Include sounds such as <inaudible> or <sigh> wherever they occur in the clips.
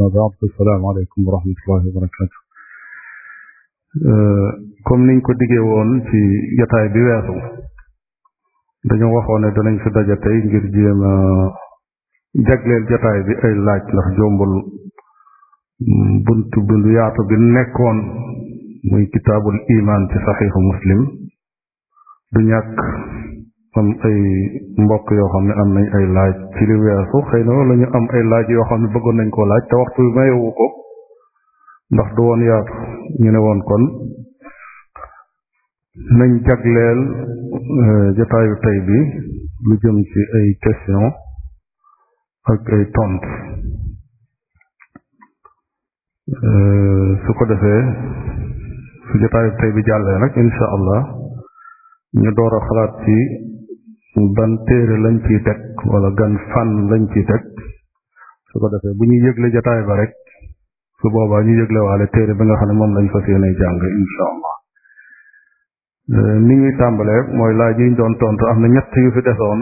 بعد assalaamu alaykum wa wa barakaatu euh, comme niñ ko diggee woon ci jotaay bi weesu dañu waxoon ne danañ fi daje tey ngir jéem a jagleel jotaay bi ay laaj ndax jombul bunt bu yaatu bi nekkoon muy kitaabul imaan ci saxiixu muslim du ñàkk am ay mbokk yoo xam ne am nañ ay laaj ci li weesu xëy na la ñu am ay laaj yoo xam ne bëggoon nañ koo laaj te waxtu bi mayewu ko ndax du woon yaatu ñu ne woon kon nañ jagleel euh, jotaayu tey bi lu jëm ci ay question ak ay tontu euh, su ko defee su jotaayu tey bi jàllee nag insha allah ñu door xalaat ci ban téere lañ ciy teg wala gan fan lañ ciy teg su ko defee bu ñu yëgle jataay ba rek su boobaa ñu yëgle waale téere bi nga xam ne moom lañ fas yéene jàng insha allah euh, ni ñuy tàmbalee mooy laaj yi doon tontu am na ñett yu fi desoon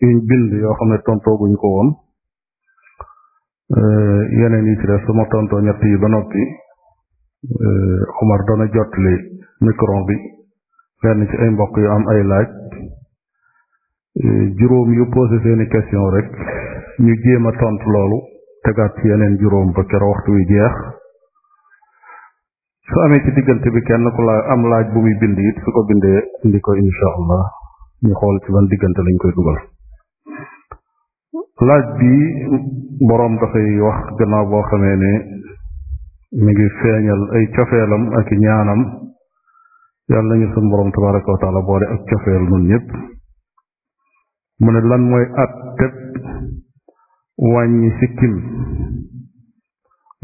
yuñ bind yoo xam ne tontooguñ ko woon euh, yeneen yi ci def su ma tontoo ñett yi ba noppi euh, Omar doona jot li bi lenn ci ay mbokk yu am ay laaj juróom yu posé seeni question rek ñu jéem a tontu loolu tegaat ci yeneen juróom ba keroog waxtu wi jeex su amee ci diggante bi kenn ku la am laaj bu muy bind it su ko bindee indi ko insha allah ñu xool ci ban diggante lañ koy dugal laaj bi boroom dafay wax gannaaw boo xamee ne mi ngi feeñal ay cofeelam ak ñaanam yàlla nañu sun boroom tabaraka wa taala boole ak cofeel nun ñëpp mu ne lan mooy at tëb wàññi sikkim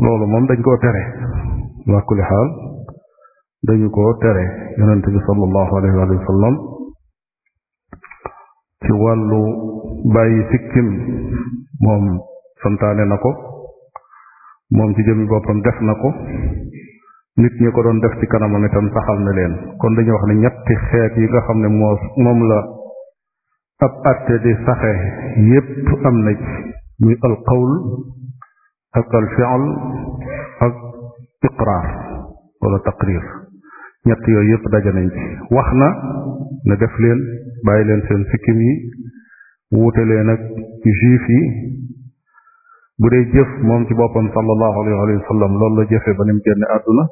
loolu moom dañ koo tere ala kulli xaal dañu koo tere yonente bi sallallahu alayhi wa sallam ci wàllu bàyyi sikkim moom santaane na ko moom ci jëmi boppam def na ko nit ñi ko doon def ci kanamam itam saxal na leen kon dañu wax ne ñetti xeet yi nga xam ne moo moom la ab atte di saxe yépp am na ci al qawl ak al fi'l ak iqraar wala taqrir ñett yooyu yépp daje nañ wax na ne def leen bàyyi leen seen sikkim yi wuute leen ak juif yi bu dee jëf moom ci boppam sallallahu alayhi wa loolu la jëfe ba ni mu génne àdduna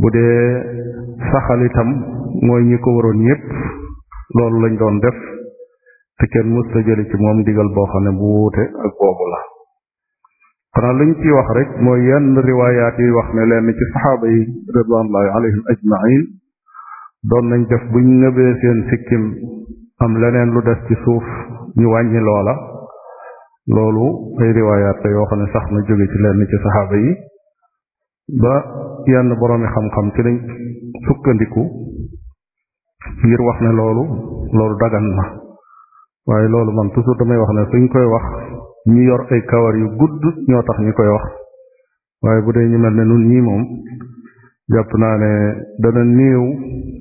bu dee saxal itam mooy ñi ko waroon ñépp loolu lañ doon def te kenn mës la jële ci moom digal boo xam ne bu wuute ak boobu la xanaa luñ ciy wax rek mooy yenn riwaayaat yi wax ne lenn ci saxaaba yi ridwanullahi alayhim ajmain doon nañ def buñ nëbee seen sikkim am leneen lu des ci suuf ñu wàññi loola loolu ay riwaayaat la yoo ne sax na jóge ci lenn ci saxaaba yi ba yenn boroomi xam-xam ci lañ sukkandiku ngir wax ne loolu loolu dagan na waaye loolu man toujours damay wax ne suñ koy wax ñu yor ay kawar yu gudd ñoo tax ñu koy wax waaye bu dee ñu mel ne nun ñii moom jàpp naa ne dana néew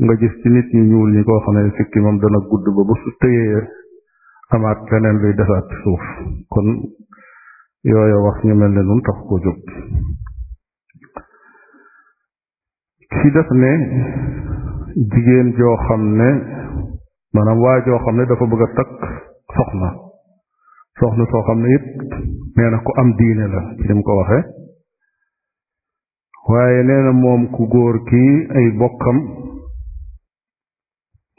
nga gis ci nit ñu ñuul ñi koo xam ne sikki moom dana gudd ba bu su tëyee amaat leneen luy desaat ci suuf kon yooyu wax ñu mel ne nun tax ko jóg ci def ne jigéen joo xam ne maanaam waa joo xam ne dafa bëgg a takk soxna soxna soo xam ne it nee na ku am diine la ci ni ko waxe waaye nee moom ku góor ki ay bokkam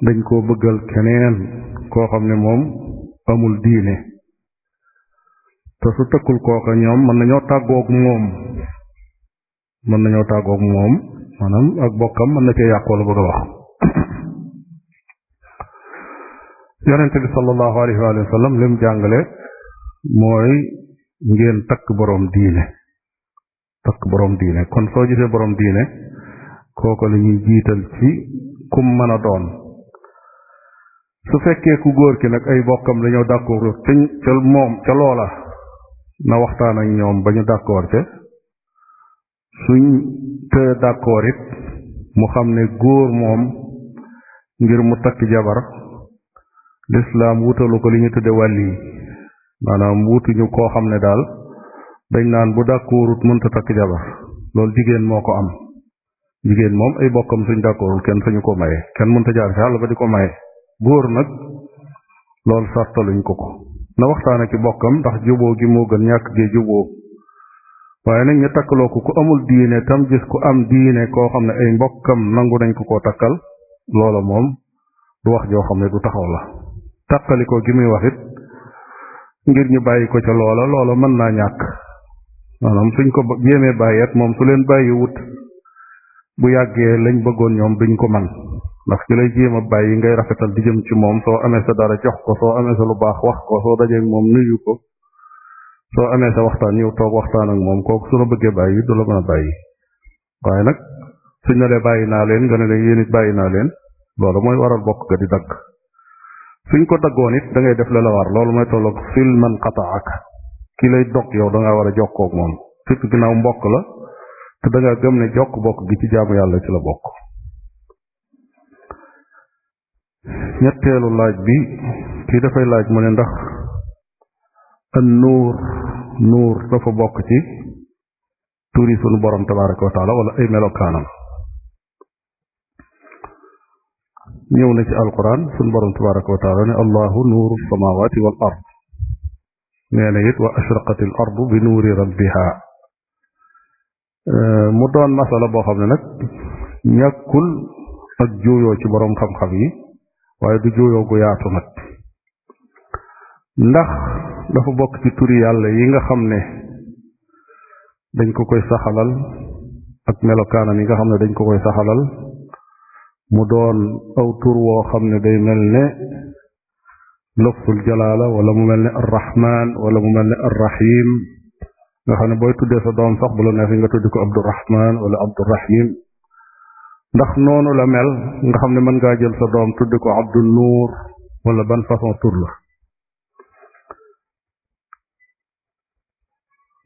dañ koo bëggal keneen koo xam ne moom amul diine te su tëkkul kooka ñoom mën nañoo tàggoog moom mën nañoo tàggoog moom maanaam ak bokkam mën na cee yàqoo la bëgg wax yonente bi sallallahu alayhi wa sallam lim jàngale mooy ngeen takk boroom diine takk boroom diine kon soo gisee boroom diine kooku la ñuy jiital ci kum mën a doon su fekkee ku góor ki nag ay bokkam dañoo d'accord ca moom ca loola na waxtaan ak ñoom ba ñu d'accord ca suñ te d'accord mu xam ne góor moom ngir mu takk jabar lislaam wutalu ko li ñu tudde wàll maanaam wutuñu koo xam ne daal dañ naan bu dàkkoorut mënta takk jabar loolu jigéen moo ko am jigéen moom ay bokkam suñ dàkkoorul kenn suñu ko maye kenn mënta jaar si àll ba di ko may góor nag loolu sartaluñ ko ko na waxtaane ci bokkam ndax juboo gi moo gën ñàkk gee juboo waaye nag ñu takkaloo ko ku amul diine tam gis ku am diine koo xam ne ay mbokkam nangu nañ ko ko takkal loola moom du wax joo xam ne du taxaw la tàqalikoo gi muy wax it ngir ñu bàyyi ko ca loola loola mën naa ñàkk maanaam suñ ko jéemee bàyyeet moom su leen bàyyi wut bu yàggee lañ bëggoon ñoom duñ ko man ndax ki lay jéem a bàyyi ngay rafetal di jëm ci moom soo amee sa dara jox ko soo amee sa lu baax wax ko soo dajee moom nuyu ko soo amee sa waxtaan yow toog waxtaan ak moom kooku su la bëggee bàyyi du la mën a bàyyi waaye nag suñ na lee bàyyi naa leen nga ne leen yéen it bàyyi naa leen loolu mooy waral bokk ga dagg suñ ko daggoon it da def la loolu mooy tolloog fil man qataaka ki lay dog yow da ngaa war a jokkoo ak moom surtout ginnaaw mbokk la te da gëm ne jokk bokk gi ci jaamu yàlla ci la bokk ñetteelu laaj bi kii dafay laaj mu ne ndax an nuur nuur dafa bokk ci turi sunu borom tabaraka wa taala wala ay melokaanam ñëw na ci alquran suñ borom tabaraka wa taala ne allahu nuuru samawati wal ard nee na it wa ashraqat al bi nuuri rabbiha mu doon masala boo xam ne nag ñàkkul ak juuyoo ci boroom xam-xam yi waaye du juuyoo gu yaatu nag ndax dafa bokk ci turi yàlla yi nga xam ne dañ ko koy saxalal ak melokaanam yi nga xam ne dañ ko koy saxalal mu doon aw tur woo xam ne day mel ne lafsul jalaala wala mu mel ne arrahman wala mu mel ne arrahim nga xam ne booy tuddee sa doom sax bu la neexee nga tuddi xam ne mën ngaa jël sa doom tuddi ko abdul nuur wala ban façon tur la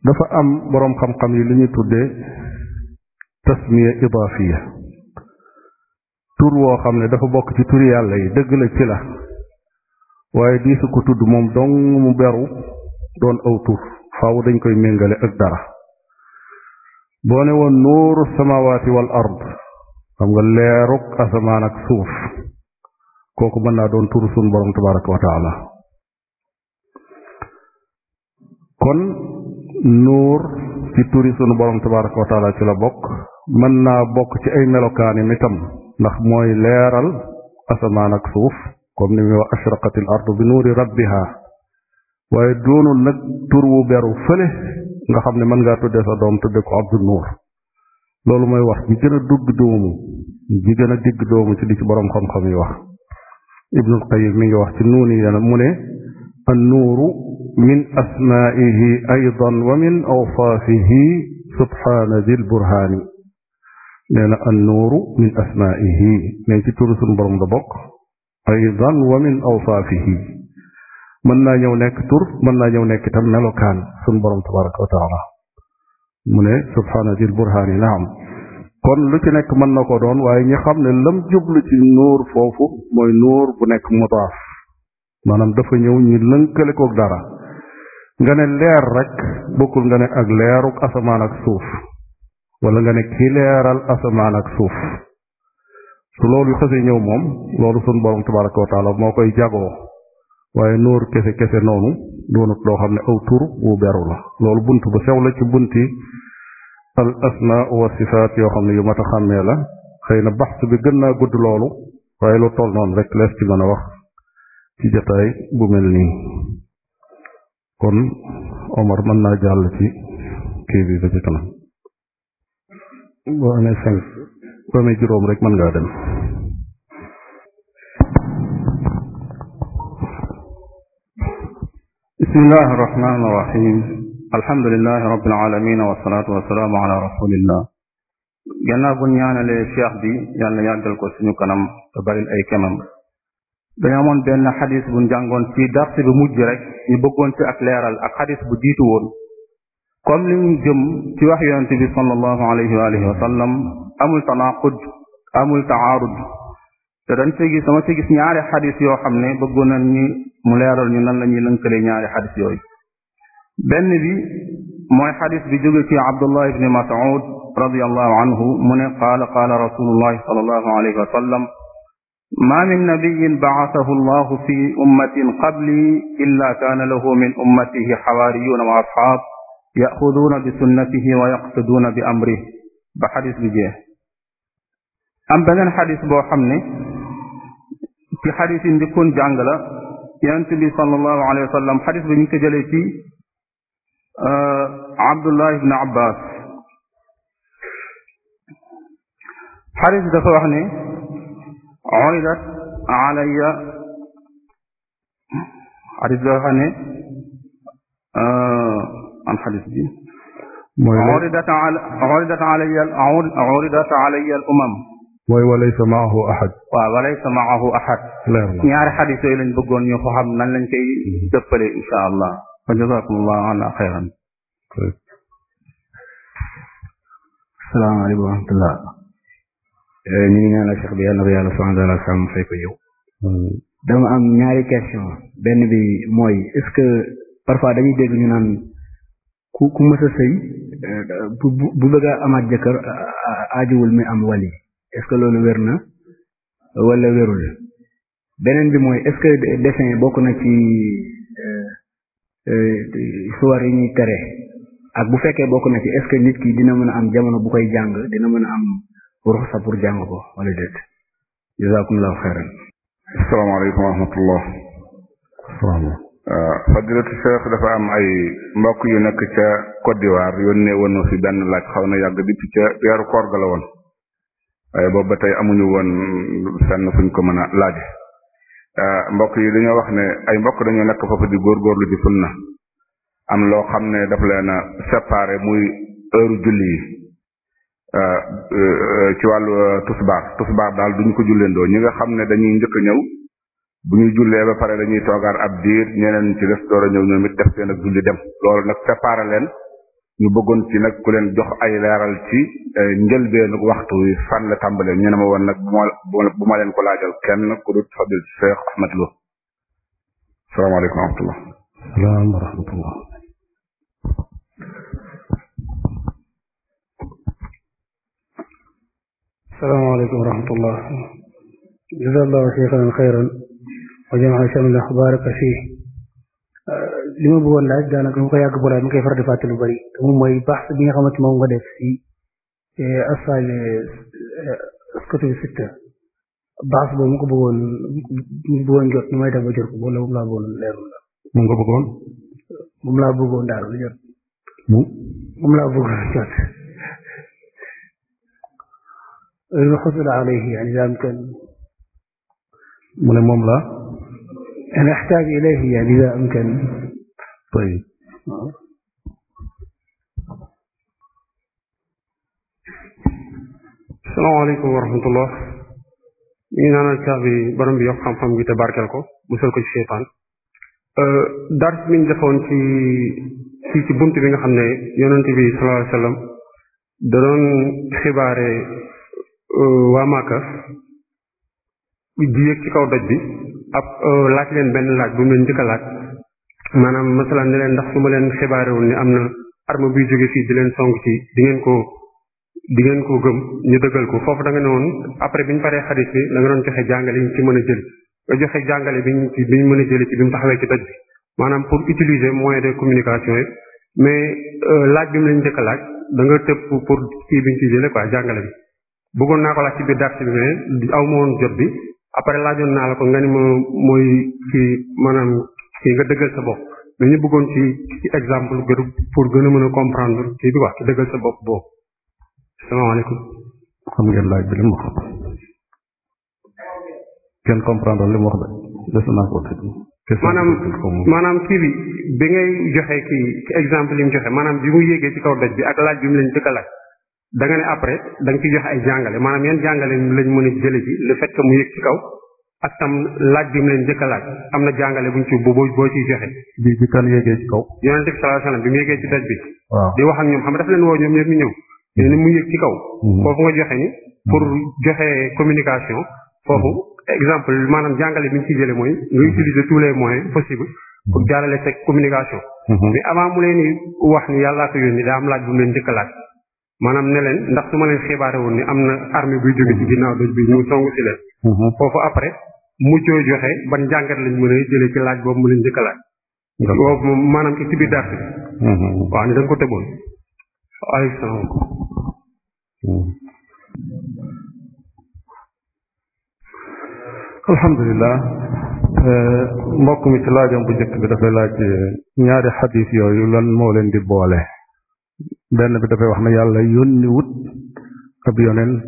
dafa am boroom xam-xam yi li ñuy tuddee tasmiya idaafiya tur woo xam ne dafa bokk ci turi yàlla yi dëgg la ci la waaye di ko tudd moom dong mu beru doon aw tur faaw dañ koy méngale ak dara boo ne woon nuuru samawaati wal ard xam nga leeruk asamaan ak suuf kooku mën naa doon tur sun borom tabaraka wa kon nuur ci turi sunu borom tabaraka wa ci la bokk mën naa bokk ci ay melokaani mitam ndax mooy leeral asamaan ak suuf comme ni muy wax ashraqatil ardu bi nuuri rabbiha waaye doonul nag tur wu beru fële nga xam ne man ngaa tuddee sa doom tudde ko abdu nuur loolu mooy wax bi gën a doomu bi gën a doomu ci li ci boroom xam-xam yi wax ibnul qayim mi ngi wax ci nuuni yana mu ne an nuuru min asmaihi aydan wa min awsaafihi subhaana dil burhaani nee na an nuuru min asmaihi ne ci turu suñu borom la bokk aydan wa min awsaafihi mën naa ñëw nekk tur mën naa ñëw nekk itam melokaan suñu borom tabaraka wa taala mu ne subhaana dil burhaani naam kon lu ci nekk mën na ko doon waaye ñi xam ne lam jublu ci nuur foofu mooy nuur bu nekk mudaaf maanaam dafa ñëw ñu lënkale koog dara nga ne leer rek bokkul nga ne ak leeruk asamaan ak suuf wala nga nekk ci asamaan ak suuf su loolu xësee ñëw moom loolu sun borom tabaraka wa moo koy jagoo waaye nóor kese kese noonu doonut loo xam ne aw tur wu beru la loolu bunt bu sew la ci bunti al asmaa wa sifaat yoo xam ne yu mata a xàmmee la xëy na baxtu bi gën naa gudd loolu waaye lu toll noonu rek lees ci mën a wax ci jotaay bu mel nii kon Omar mën naa jàll ci kii bi ci kanam boo amee cinq boo amee juróom rek mën ngaa dem bismillahi arrahmani irrahim alhamdulilahi rabbil alamin wasalaatu wasalaamu ala rasulillah gannaaw bu ñaanalee cheikh bi yàlla yàggal ko suñu kanam te baril ay kemam dañu amoon benn xadis bu njàngoon ci dars bi mujj rek ñu bëggoon ci ak leeral ak xadis bu jiitu woon comme li ñu jëm ci wax yonente bi sallallahu alayhi wa alihi wa sallam amul tanaaqud amul taarud te dañ ci gis dama ci gis ñaari xadis yoo xam ne bëggoon nañ ñi mu leeral ñu nan la ñuy lënkale ñaari xadis yooyu benn bi mooy xadis bi jóge ci abdullah ibni mas'ud radiyallahu anhu mu ne qaala qaala rasulullahi sallallahu alayhi wa sallam ma min nabiyin ba'athahu allahu fi ummatin qabli illa kaana lahu min ummatihi xawaariyuuna wa asxaab yaxuduuna bi sunnatihi wa yaqsiduuna bi amri ba xadis bi jeex am beneen xadis boo xam ne ci xadis yi ndikkoon jàng la yonent bi sallallahu alayhi wa sallam xadis bi ñu ko jëlee ci euh, Abdullah ibn Abbas xadis bi dafa wax ne uridat alayya xadis bi dafa wax ne euh, an xadis bi mooy uridat uridat alayya uridat alayya al umam mooy walaysa maahu ahad waaw walaysa maahu ahad leer na ñaari xadis yooyu lañ bëggoon ñu ko xam nan lañ koy dëppale insha allah fa jazakumullahu ala xayran salaamaaleykum wa rahmatullah eh, ñu ngi ñaanal Cheikh bi yàlla na ko yàlla subhanahu wa taala sàmm fay ko yow dama am ñaari question benn bi mooy est-ce que parfois dañuy dégg ñu naan ku ku mës sëy bu bu bëgg a amaat jëkkër aajowul muy am wali est-ce que loolu wér na wala wérul beneen bi mooy est-ce que dessin bokk na ci euh, euh, suwar yi ñuy tere ak bu fekkee bokk na ci est-ce que nit ki dina mën a am jamono bu koy jàng dina mën a am ruxsa pour jàng ko wala déet jazakumullahu xayran asalaamaaleykum wa rahmatullah waaw ah, fadilatu cheikh dafa am ay mbokk yu nekk ca Côte d'Ivoire yónnee woon na fi benn laaj xaw na yàgg di ca weeru koor ga la woon waaye boobu ba tey amuñu woon fenn fuñ ko mën a laaje ah, mbokk yi dañoo wax ne ay mbokk dañoo nekk foofu di góorgóorlu ci sunna am loo xam ne daf leen a séparé muy heure julli yi ah, eh, eh, ci wàllu eh, tusbaar tusbaar daal duñ ko doo ñi nga xam ne dañuy njëkk a ñëw bu ñu jullee ba pare dañuy toogaat ab diir ñeneen ci des door a ñëw ñoom it def seen ak julli dem loolu nag séparé leen ñu bëggoon ci nag ku leen jox ay leeral ci eh, njëlbeenu waxtu wi fan la tàmbalee ñu ne ma woon nag bu ma leen ko laajal kenn ku dut fadil Cheikh Ahmed Lo salaamaaleykum wa rahmatullah salaam wa rahmatullah wajama chamila baraka fii li ma bëggoon laaj daanaka ma ko yàgg bolaay ma koy faral di fàttali lu bëri moom mooy baax bi nga xamante moom nga def si asfaal kutubu sitta baax boobu ma ko bëggoon ma bëggoon jot ni may def ba jot ko wala moom laa bëggoon leerul la moom nga bëggoon moom laa bëggoon daal lu jot moom laa bëggoon jot lu xasula alayhi yani daam kenn mu ne moom la أنا أحتاج إليه يعني إذا أمكن طيب salaamaaleykum wa rahmatullah ñu ngi naanal caax bi borom yokk xam-xam gi te barkeel ko musal ko ci seytaan dars bi ñu defoon ci ci bunt bi nga xam ne yonent bi sallallahu alayhi wasallam da doon xibaare waa Màkka di yëg ci kaw doj bi ab euh, laaj leen benn laaj bu mu leen njëkk laaj maanaam masalan ne leen ndax su ma leen xibaarewul ni am na arme buy jóge fii di leen song ci di ngeen ko di ngeen ko gëm ñu dëggal ko foofu da nga ne woon après bi ñu paree xadis bi da nga doon joxe jàngale yi mën a jël nga joxe bi ñu bi ñu mën a jëli ci bi mu taxawee ci doj bi maanaam pour utiliser moyen de communication yi mais euh, laaj bi mu leen njëkk a laaj da tëb pour kii bi ñu ci jële quoi jàngale bi bëggoon naa ko laaj ci biir dars bi mais aw ma woon jot bi après laajoon naa la ko nga ni ma mooy ci maanaam ci nga dëggal sa bopp dañu bëggoon ci ci exemple gën pour gën a mën a comprendre kii bi wax sa bopp boobu xam ngeen laaj bi li mu kenn comprendre li mu wax de des naa ko maanaam maanaam kii bi ngay joxe kii exemple yi mu joxe maanaam bi mu yéegee ci kaw daj bi ak laaj bi mu leen jëkk a laaj da nga ne après da nga ci joxe ay jàngale maanaam yan jàngale lañ mën a jële ci le fait que mu yëg ci kaw ak tam laaj bi mu leen njëkk laaj am na jàngale buñ ci boo boo ciy bi ci kaw. yonent bi sallallahu alayhi wasallam bi mu yëgee ci daj leen woo ñoom ñëpp ñu ñëw. ñu ne mu yëg ci kaw. Mhm. foofu nga joxe ni pour mhm. joxe communication. foofu exemple maanaam jàngale bi ñu ciy jële mooy nga utiliser tous les moyens possibles. pour mhm. jaarale sa communication. mais avant mu leen wax ni yàllaa ko yónni daa am laaj bu mu leen njëkk laaj. maanaam ne ndax su ma leen xibaare ni am na armée buy jóge ci ginnaaw doj bi ñu song si leen mm-hmm. foofu après muccoo joxe ban jàngat lañ mën a jëlee ci laaj boobu mu leen njëkk laaj mm-hmm. ko tëboon aleykum mm-hmm. alhamdulilah euh, mbokk mi ci laajam bu njëkk bi dafay laaj ñaari xadis yooyu lan moo leen di boole benn bi dafay wax ne yàlla yónni wut ab yonent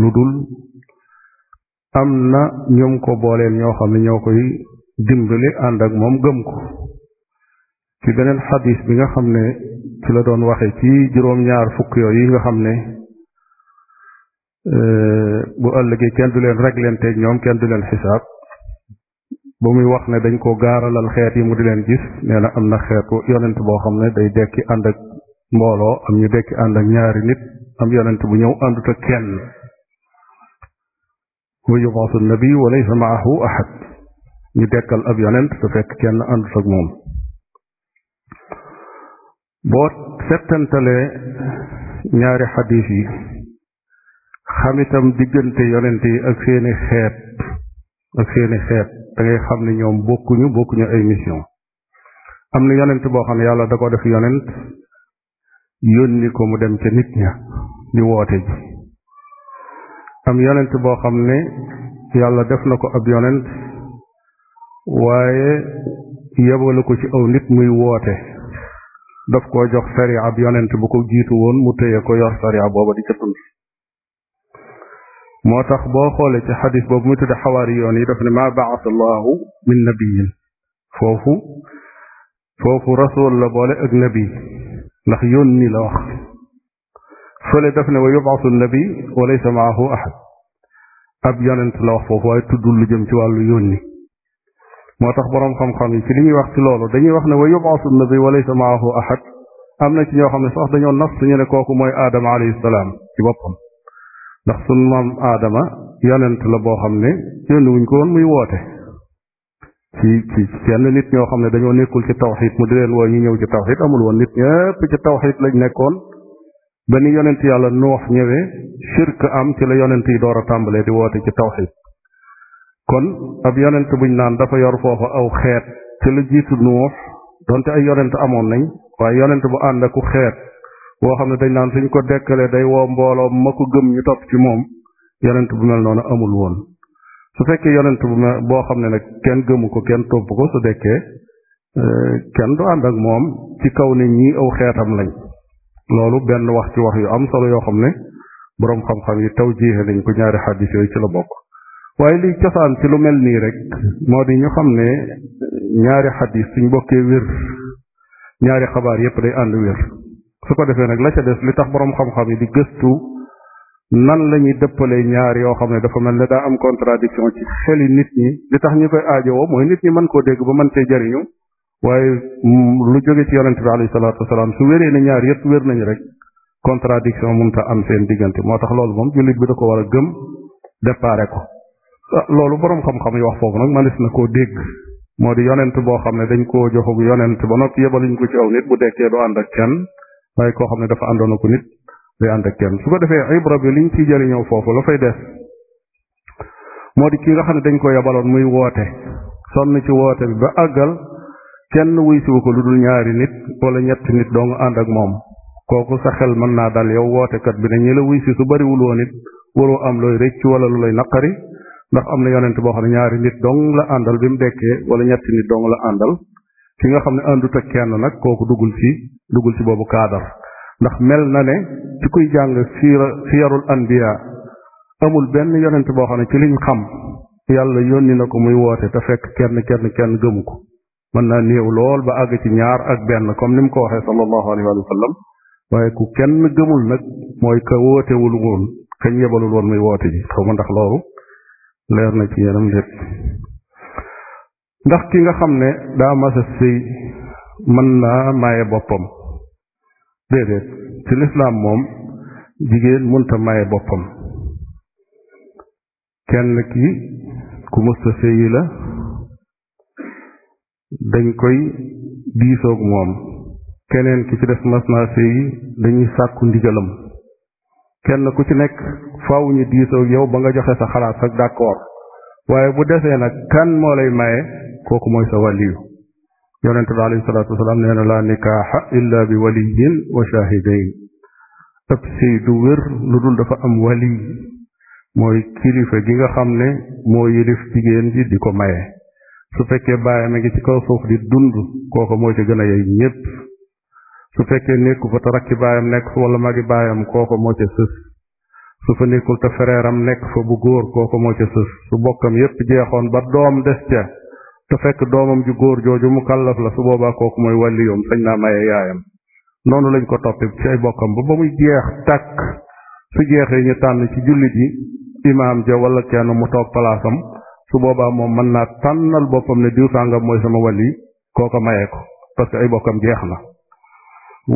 lu dul am na ñoom ko booleel ñoo xam ne ñoo koy dimbali ànd ak moom gëm ko ci beneen xadis bi nga xam ne ci la doon waxe ci juróom-ñaar fukk yooyu nga xam ne euh, bu ëllëgee kenn du leen rek reglanteeg ñoom kenn du leen xisaab ba muy wax ne dañ ko gaaralal xeet yi mu di leen gis nee am na xeet yonent boo xam ne day dekki ànd ak mbooloo am ñu dekki ànd ak ñaari nit am yonent bu ñëw àndut ak kenn wa yubaatu nabi wa laysa maahu ahad ñu dekkal ab yonent te fekk kenn àndut ak moom boo settantalee ñaari xadiis yi xamitam diggante yonent yi ak seeni xeet ak seeni xeet da ngay xam ne ñoom bokkuñu bokkuñu ay mission am na yonent boo xam ne yàlla da ko def yonent yónni ko mu dem ca nit ña di woote ji am yonent boo xam ne yàlla def na ko ab yonent waaye yebalu ko ci aw nit muy woote def koo jox sariya ab yonent bu ko jiitu woon mu téye ko yor sariya booba di ca tund moo tax boo xoolee ci xadis boobu muy tudde xawaari yoon yi def ne ma baas allahu min nabiyin foofu foofu rasul la boole ak nabi ndax yónni la wax fële daf ne wa yubaasu nabi wa laysa maahu lu jëm ci wàllu yónni moo tax boroom xam-xam yi ci li ñuy wax ci loolu dañuy wax ne wa yubaasu nabi wa laysa maahu ahad am na ci ñoo xam ne sax dañoo nas suñu ne kooku mooy aadama alayhi ci boppam ndax sunu boo xam ne yónni wuñ ko muy woote ci ci kenn nit ñoo xam ne dañoo nekkul ci tawxid mu di leen woo ñu ñëw ci tawxid amul woon nit ñëpp ci tawxid lañ nekkoon ba ni yonent yàlla nuux ñëwee shirk am ci la yonent yi door a tàmbalee di woote ci tawxid kon ab yonent buñ naan dafa yor foofa aw xeet ci la jiitu nuux donte ay yonent amoon nañ waaye yonent bu ànd aku xeet woo xam ne dañ naan suñ ko dekkalee day woo mbooloo ma ko gëm ñu topp ci moom yonent bu mel noonu amul woon su fekkee yonent bu ma boo xam ne nag kenn gëmu ko kenn topp ko su dekkee euh, kenn du ànd ak moom ci kaw ne ñii aw xeetam lañ loolu benn wax ci wax yu am solo yoo xam ne boroom xam-xam yi taw jiixe nañ ko ñaari xaddis yooyu ci la bokk waaye liy cosaan ci lu mel nii rek moo di ñu xam ne ñaari xaddis suñ bokkee wér ñaari xabaar yépp day ànd wér su ko defee nag la ca des li tax boroom xam-xam yi di gëstu nan la ñuy dëppalee ñaar yoo xam ne dafa mel ne daa am contradiction ci xeli nit ñi li tax ñu koy aajowoo mooy nit ñi man koo dégg ba mën cee jariñu waaye mm, lu jóge ci yonente bi alayhi salaatu wasalaam su wéree ne ñaar yëpp wér nañu rek contradiction munta am seen diggante moo tax loolu moom jullit bi da ko war a gëm déparé ko ah, loolu boroom xam-xam yi wax foofu nag manis na koo dégg moo di yonent boo xam ne dañ koo joxobu yonent ba noppi yebaluñ ko ci aw nit bu dekkee doo ànd ak kenn waaye koo xam ne dafa àndoon ko nit day ànd ak kenn su ko defee ibra bi liñ ciy foofu la fay des moo di ki nga xam ne dañ ko yabaloon muy woote sonn ci woote bi ba àggal kenn wuy siwu ko lu dul ñaari nit wala ñetti nit dong ànd ak moom kooku sa xel mën naa daal yow wootekat bi ne ñi la wuy si su bariwul woon it waroo am looy rëcc wala lu lay naqari ndax am na yonent boo xam ne ñaari nit dong la àndal bi mu dekkee wala ñetti nit dong la àndal ki nga xam ne àndut ak kenn nag kooku duggul ci duggul ci boobu kaadar ndax mel na ne ci kuy jàng siira siyarul anbiya amul benn yonent boo xam ne ci liñ xam yàlla yónni na ko muy woote te fekk kenn kenn kenn gëmu ko mën naa néew lool ba àgg ci ñaar ak benn comme ni mu ko waxee sallallahu alayhi wa sallam waaye ku kenn gëmul nag mooy ka wootewul woon kañ yebalul woon muy woote ji xaw ma ndax loolu leer na ci yaram lépp ndax ki nga xam ne daa masa sëy mën naa maye boppam déedéet ci lislaam moom jigéen mënta maye boppam kenn ki ku mësta séyi la dañ koy diisoog moom keneen ki ci def mas naa séyi dañuy sàkku ndigalam kenn ku ci nekk faaw ñu diisoog yow ba nga joxe sa xalaat sax d'accord waaye bu desee nag kan moo lay maye kooku mooy sa wàlliyu yonente bi alayhi salaatu wasalaam laa nikaaxa illa bi waliyin wa shaahidayn ab sëy du wér lu dul dafa am wali mooy kilifa gi nga xam ne moo yilif jigéen ji di ko maye su fekkee baayam a ngi ci kaw suuf di dund kooko moo ci gën a yey ñépp su fekkee nekku te rakki baayam nekk fa wala magi baayam kooko moo ca sës su fa nekkul te fereeram nekk fa bu góor kooko moo ca sës su bokkam yépp jeexoon ba doom des ca te fekk doomam ju góor jooju mu kàllaf la su boobaa kooku mooy wàlliyoom sañ naa maye yaayam noonu lañ ko toppe ci ay bokkam ba ba muy jeex tàkk su jeexee ñu tànn ci jullit yi imaam ja wala kenn mu toog palaasam su boobaa moom mën naa tànnal boppam ne diw sàngam mooy sama wàlli kooko mayee ko parce que ay bokkam jeex na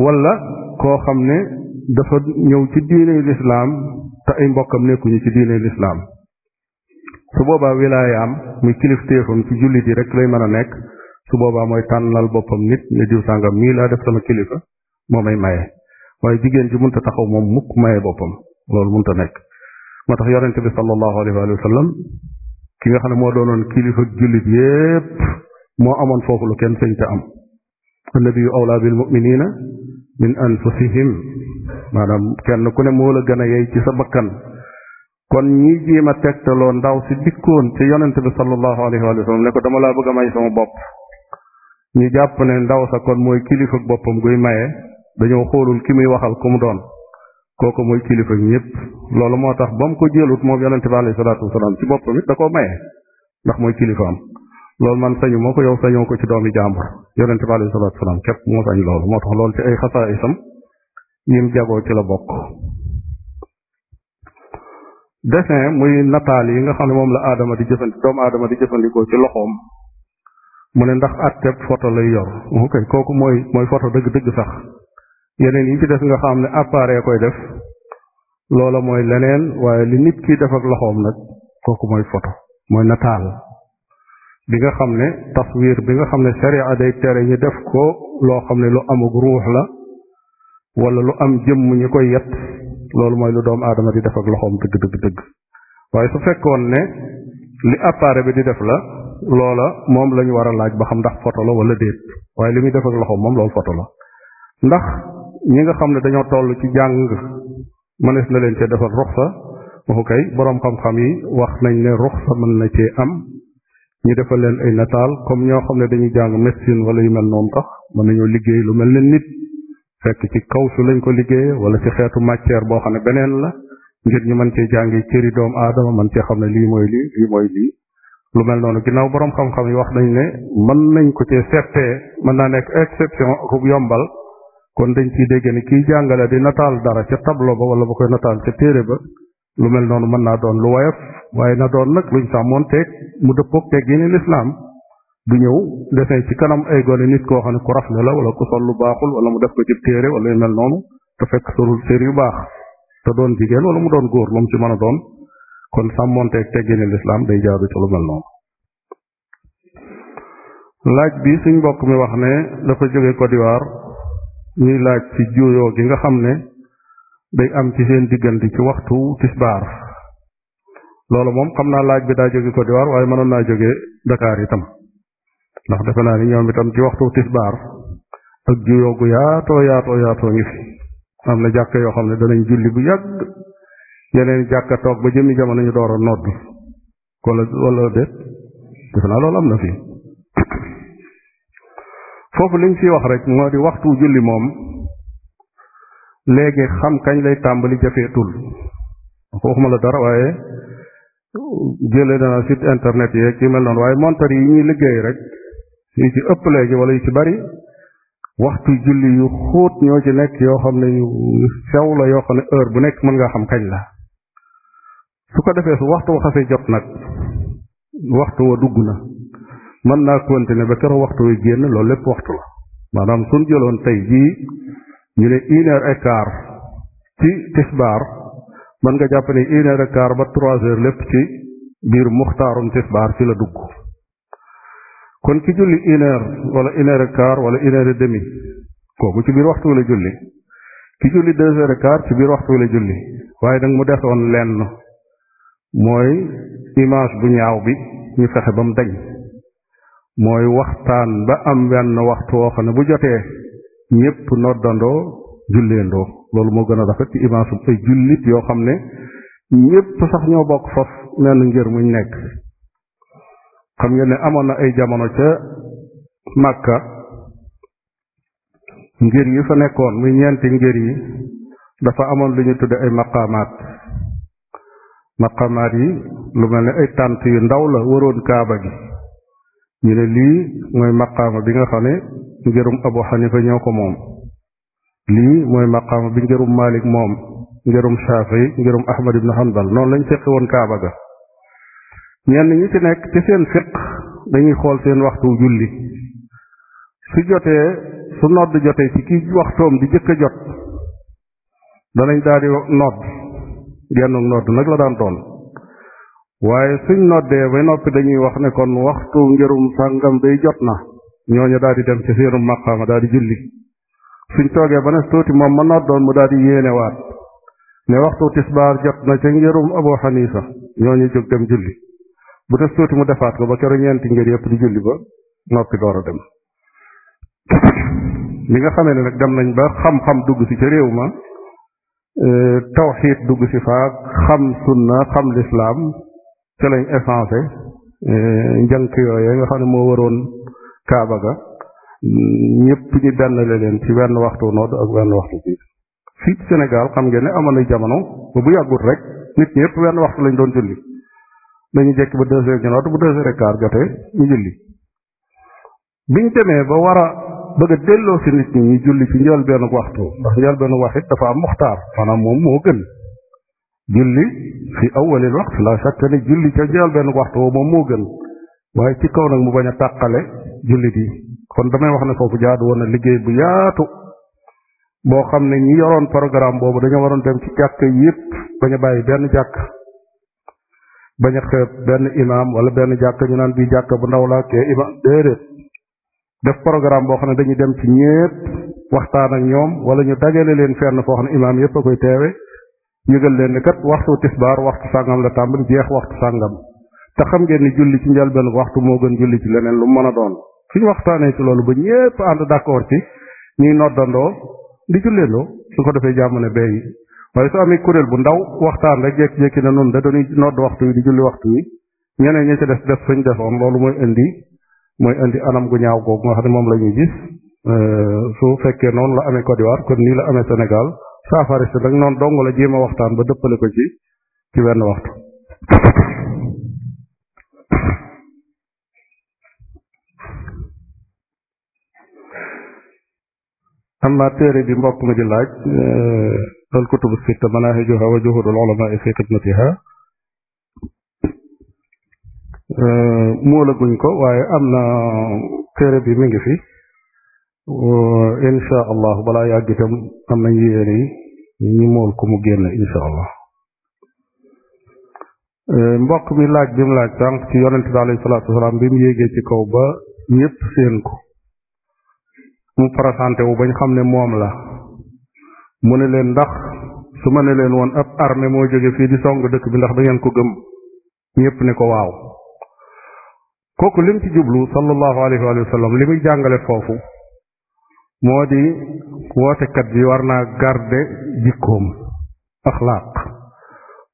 wala koo xam ne dafa ñëw ci diine lislaam te ay mbokkam nekkuñu ci diine lislaam su boobaa wilaayaam muy kilifteefam ci jullit yi rek lay mën a nekk su boobaa mooy tànnal boppam nit ne diw sàngam mii laa def sama kilifa moom may maye waaye jigéen ji mënta taxaw moom mukk maye boppam loolu mun mënta nekk moo tax yonente bi sallallahu alayhi wa sallam ki nga xam ne moo doonoon kilifa jullit yépp moo amoon foofu lu kenn sëñta am annabiyu awlaa bil mu'minina min anfusihim maanaam kenn ku ne moo la gën a yey ci sa bakkan kon ñi jéem a tegtaloo ndaw si dikkoon ci yonente bi sallallahu alayhi wa sallam ne ko dama laa bëgg a may sama bopp ñu jàpp ne ndaw sa kon mooy kilifa boppam guy maye dañoo xoolul ki muy waxal ku mu doon kooku mooy kilifa ñëpp loolu moo tax ba mu ko jëlut moom yonente bi alayhi salaatu wasalaam ci boppam it da koo maye ndax mooy kilifa am loolu man sañu moo ko yow sañoo ko ci doomi jàmbur yonente bi alayhi salaatu wasalaam képp moo sañ loolu moo tax loolu ci ay xasaa isam yim jagoo ci la bokk dessin muy nataal yi nga xam ne moom la aadama di jëfandi di jëfandikoo ci loxoom mu ne ndax atteb photo lay yor ok kooku mooy mooy photo dëgg-dëgg sax yeneen yi ci def nga xam ne appareil koy def loola mooy leneen waaye li nit ki def ak loxoom nag kooku mooy foto mooy nataal bi nga xam ne taswir bi nga xam ne sharia day tere ñu def ko loo xam ne lu amug ruux la wala lu am jëmm ñi koy yett loolu mooy lu doom aadama di defak ak loxoom dëgg dëgg dëgg waaye su fekkoon ne li appareil bi di def la loola moom lañu war a laaj ba xam ndax photo la wala déet waaye li muy def ak loxoom moom loolu photo la ndax ñi nga xam ne dañoo toll ci jàng mënees na leen cee defal ruxsa waxu kay boroom xam-xam yi wax nañ ne ruxsa mën na cee am ñu defal leen ay nataal comme ñoo xam ne dañuy jàng médecine walla yu mel noonu tax mën ñoo liggéey lu mel ne nit fekk ci kawsu lañ ko liggéeye wala ci xeetu matière boo xam ne beneen la ngir ñu mën cee jàngi cëri doomu aadama mën cee xam ne lii mooy lii mooy lii lu mel noonu ginnaaw boroom xam-xam yi wax nañ ne mën nañ ko cee settee mën naa nekk exception ku yombal kon dañ ciy dégg ne kiy jàngale di nataal dara ca tableau ba wala ba koy nataal ca téere ba lu mel noonu mën naa doon lu woyof waaye na doon nag luñ sàmmoon teeg mu dëppoog teeg yi ni lislaam du ñëw defee ci kanam ay gone nit koo xam ne ku rafle la wala ku sol lu baaxul wala mu def ko ci téere wala yu mel noonu te fekk solul sér yu baax te doon jigéen wala mu doon góor lu mu ci mën a doon kon sàmmonteeg teggini lislaam day jaadu ci lu mel noonu laaj bi suñ mbokk mi wax ne dafa jóge Côte d'Ivoire ñuy laaj ci juuyoo gi nga xam ne day am ci seen diggante ci waxtu tisbaar loolu moom xam naa laaj bi daa jóge Côte d'Ivoire waaye mënoon naa jóge Dakar itam ndax defe naa ni ñoom itam ci waxtu tisbaar ak juyoo gu yaatoo yaatoo yaatoo ngi fi am na jàkka yoo xam ne danañ julli bu yàgg yeneen jàkka toog ba jëmi jamono ñu door a nodd wala wala defe naa loolu am na fi <coughs> foofu liñ ciy wax rek moo di waxtu julli moom léegi xam kañ lay tàmbali jafeetul ko waxuma la dara waaye jële dana site internet yeeg ci mel noonu waaye montar yi ñuy liggéey rek yu ci ëpp léegi wala yu ci bari waxtu julli yu xóot ñoo ci nekk yoo xam ne yu sew la yoo xam ne heure bu nekk mën ngaa xam kañ la su ko defee su waxtu wa xasee jot nag waxtu wa dugg na mën naa continuer ba keroog waxtu wi génn loolu lépp waxtu la maanaam suñ jëloon tey jii ñu ne une heure et quart ci tisbaar mën nga jàpp ne une heure ba trois heures lépp ci biir muxtaarum tisbaar ci la dugg kon ki julli une heure wala une heure et wala une heure et demi kooku ci biir waxtu la julli ki julli deux heures et quart ci biir waxtu la julli waaye nag mu defoon lenn mooy image bu ñaaw bi ñu fexe ba mu dañ mooy waxtaan ba am wenn waxtu woo xam ne bu jotee ñépp noddandoo julleendoo loolu moo gën a rafet ci image ay jullit yoo xam ne ñépp sax ñoo bokk foofu menn ngir muñ nekk xam ngeen ne amoon na ay jamono ca Makka ngir yi fa nekkoon muy ñeenti ngir yi dafa amoon lu ñu tudde ay maqaamaat maqaamaat yi lu mel ne ay tànt yu ndaw la waroon kaaba gi ñu ne lii mooy maqama bi nga xam ne ngirum Abu Xanifa ñoo ko moom lii mooy maqaama bi ngirum Malik moom ngirum Shaafi ngirum Ahmad ibn Hanbal noonu lañ feqi woon kaaba ga ñenn ñi ci nekk ci seen fiq dañuy xool seen waxtu julli su jotee su nodd jotee ci ki waxtoom di jëkk a jot danañ daal di nodd genn nodd nag la daan doon waaye suñ noddee ba noppi dañuy wax ne kon waxtu ngirum sàngam day jot na ñooñu daal di dem ci seenum maqaama daal di julli suñ toogee ba ne tuuti moom ma noddoon mu daal di yéenewaat ne waxtu tisbaar jot na ca ngirum Abu Hanifa ñooñu jóg dem julli bu des tuuti mu defaat ko ba keroog ñeenti ngir yëpp di julli ba noppi door a dem li nga xamee ne nag dem nañ ba xam-xam dugg ci ca réew ma e, tawxiid dugg ci faak xam sunna xam lislaam ca lañ essence e, njënk yooye nga xam ne moo waroon kaaba ga ñëpp ñu bennle leen ci wenn waxtu nodd ak wenn waxtu bi fii Sénégal xam ngeen ne amoon na jamono ba bu yàggut rek nit ñëpp wenn waxtu lañ doon julli dañu jekk ba deux heures ñu noot bu deux heures et quart jotee ñu julli biñ demee ba war a delloo si nit ñi ñu julli ci njool benn waxtu ndax njool benn wax it dafa am muxtaar maanaam moom moo gën julli fi awalil waxtu laa chaque ne julli ca njool benn waxtu woo moom moo gën waaye ci kaw nag mu bañ a tàqale jullit yi kon damay wax ne foofu jaadu woon a liggéey bu yaatu boo xam ne ñi yoroon programme boobu dañoo waroon dem ci jàkk yépp baña bàyyi benn jàkk bañ a benn imaam wala benn jàkka ñu naan bii jàkka bu ndaw la ke imaam déedéet def programme boo xam ne dañuy dem ci ñépp waxtaan ak ñoom wala ñu dajale leen fenn foo xam ne imaam yépp a koy teewe yëgal leen ne kat waxtu tisbaar waxtu sàngam la tàmbali jeex waxtu sàngam te xam ngeen ni julli ci njëlbeen waxtu moo gën julli ci leneen lu mën a doon suñu waxtaanee ci loolu ba ñépp ànd d'accord ci ñuy noddandoo di julleendoo su ko defee jàmm ne bee mooy su amee kuréel bu ndaw waxtaan rek jékki-jékki ne noonu da dañuy nodd waxtu wi di julli waxtu wi ñeneen ñi ci des def suñ defoon loolu mooy indi mooy indi anam gu ñaaw googu nga xam ne moom la ñuy gis euh, su fekkee noonu la amee Côte kon nii la amee Sénégal saafara si nag noonu dong la jéem waxtaan ba dëppale ko ci ci benn waxtu. am na téere bi mbokk mi di laaj. Euh, فالكتب الستة مناهجها وجهود العلماء في خدمتها moolaguñ ko waaye am na téere bi mi ngi fi insha allah balaa yàgg itam am nañ yéene yi ñi mool ko mu génn insha allah mbokk mi laaj bi mu laaj sànq ci yonente bi alayhi salaatu yéegee ci kaw ba ñëpp seen ko mu présenté bañ xam ne moom la mu ne leen ndax su ma ne leen woon ab armée moo jóge fii di song dëkk bi ndax ba ngeen ko gëm ñépp ne ko waaw kooku lim ci jublu sallallahu alayhi wa sallam li muy jàngale foofu moo di wootekat bi war naa garder jikkoom axlaaq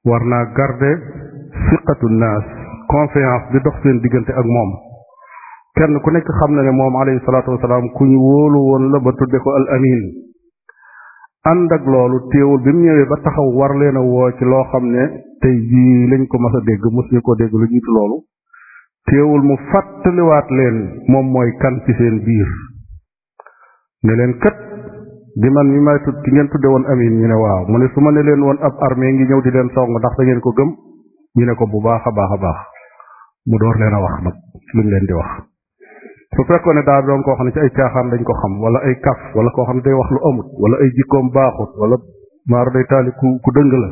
war naa garder siqatu naas confiance di dox seen diggante ak moom kenn ku nekk xam na ne moom alayhi salaatu wasalaam ku ñu wóolu woon la ba tudde ko al amin ànd ak loolu téewul bi mu ñëwee ba taxaw war leen a woo ci loo xam ne tey jii lañ ko mas a dégg mos ñu ko dégg lu jiitu loolu téewul mu fàttaliwaat leen moom mooy kan ci seen biir ne leen kat di man mi may tudd ki ngeen tudde woon amin ñu ne waaw mu ne su ma ne leen woon ab armee ngi ñëw di leen song ndax da ngeen ko gëm ñu ne ko bu baax a baax a baax mu door leen a wax nag ci leen di wax su fekkoon ne daa doon koo xam ne ci ay caaxaan dañ ko xam wala ay kaf wala koo xam ne day wax lu amut wala ay jikkoom baaxut walla maar day taali ku ku dëng la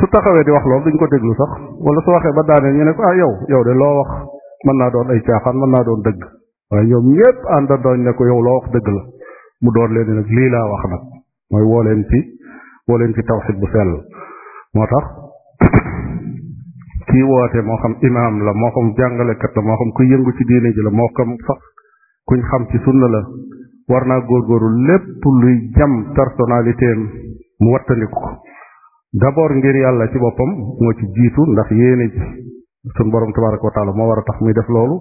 su taxawee di wax loolu duñ ko déglu sax wala su waxee ba daaneel ñu ne ko ah yow yow de loo wax mën naa doon ay caaxaan man naa doon dëgg waaye ñoom ñépp àndandooñ ne ko yow loo wax dëgg la mu doon leen nag lii laa wax nag mooy woo leen ci woo leen ci tawxid bu sell moo tax kii woote moo xam imaam la moo xam jàngalekat la moo xam ci diine la moo xam sax kuñ xam ci sunna la war naa góor góorgóorlu lépp luy jam personnalité am mu wattandiku ko d'abord ngir yàlla ci boppam moo ci jiitu ndax yéene ji sun borom tabaraka wa moo war a tax muy def loolu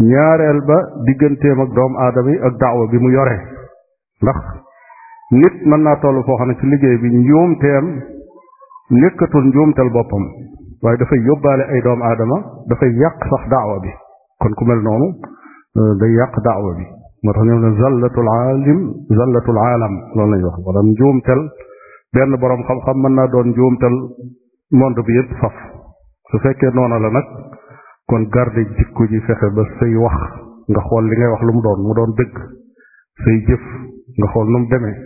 ñaareel ba digganteem ak doomu aadama yi ak daawa bi mu yore ndax nit mën naa toll foo xam ne ci liggéey bi njuumteem nekkatul njuumtal boppam waaye dafa yóbbaale ay doomu aadama dafay yàq sax daawa bi kon ku mel noonu euh, day yàq daawa bi moo tax ñoom ne zallatul aalim zallatul aalam loolu lañuy wax maanaam njuumtel benn borom xam-xam mën naa doon njuumtel monde bi yëpp faf su fekkee noona la nag kon garde jikko ji fexe ba say wax nga xool li ngay wax lu mu doon mu doon dëgg say jëf nga xool nu mu demee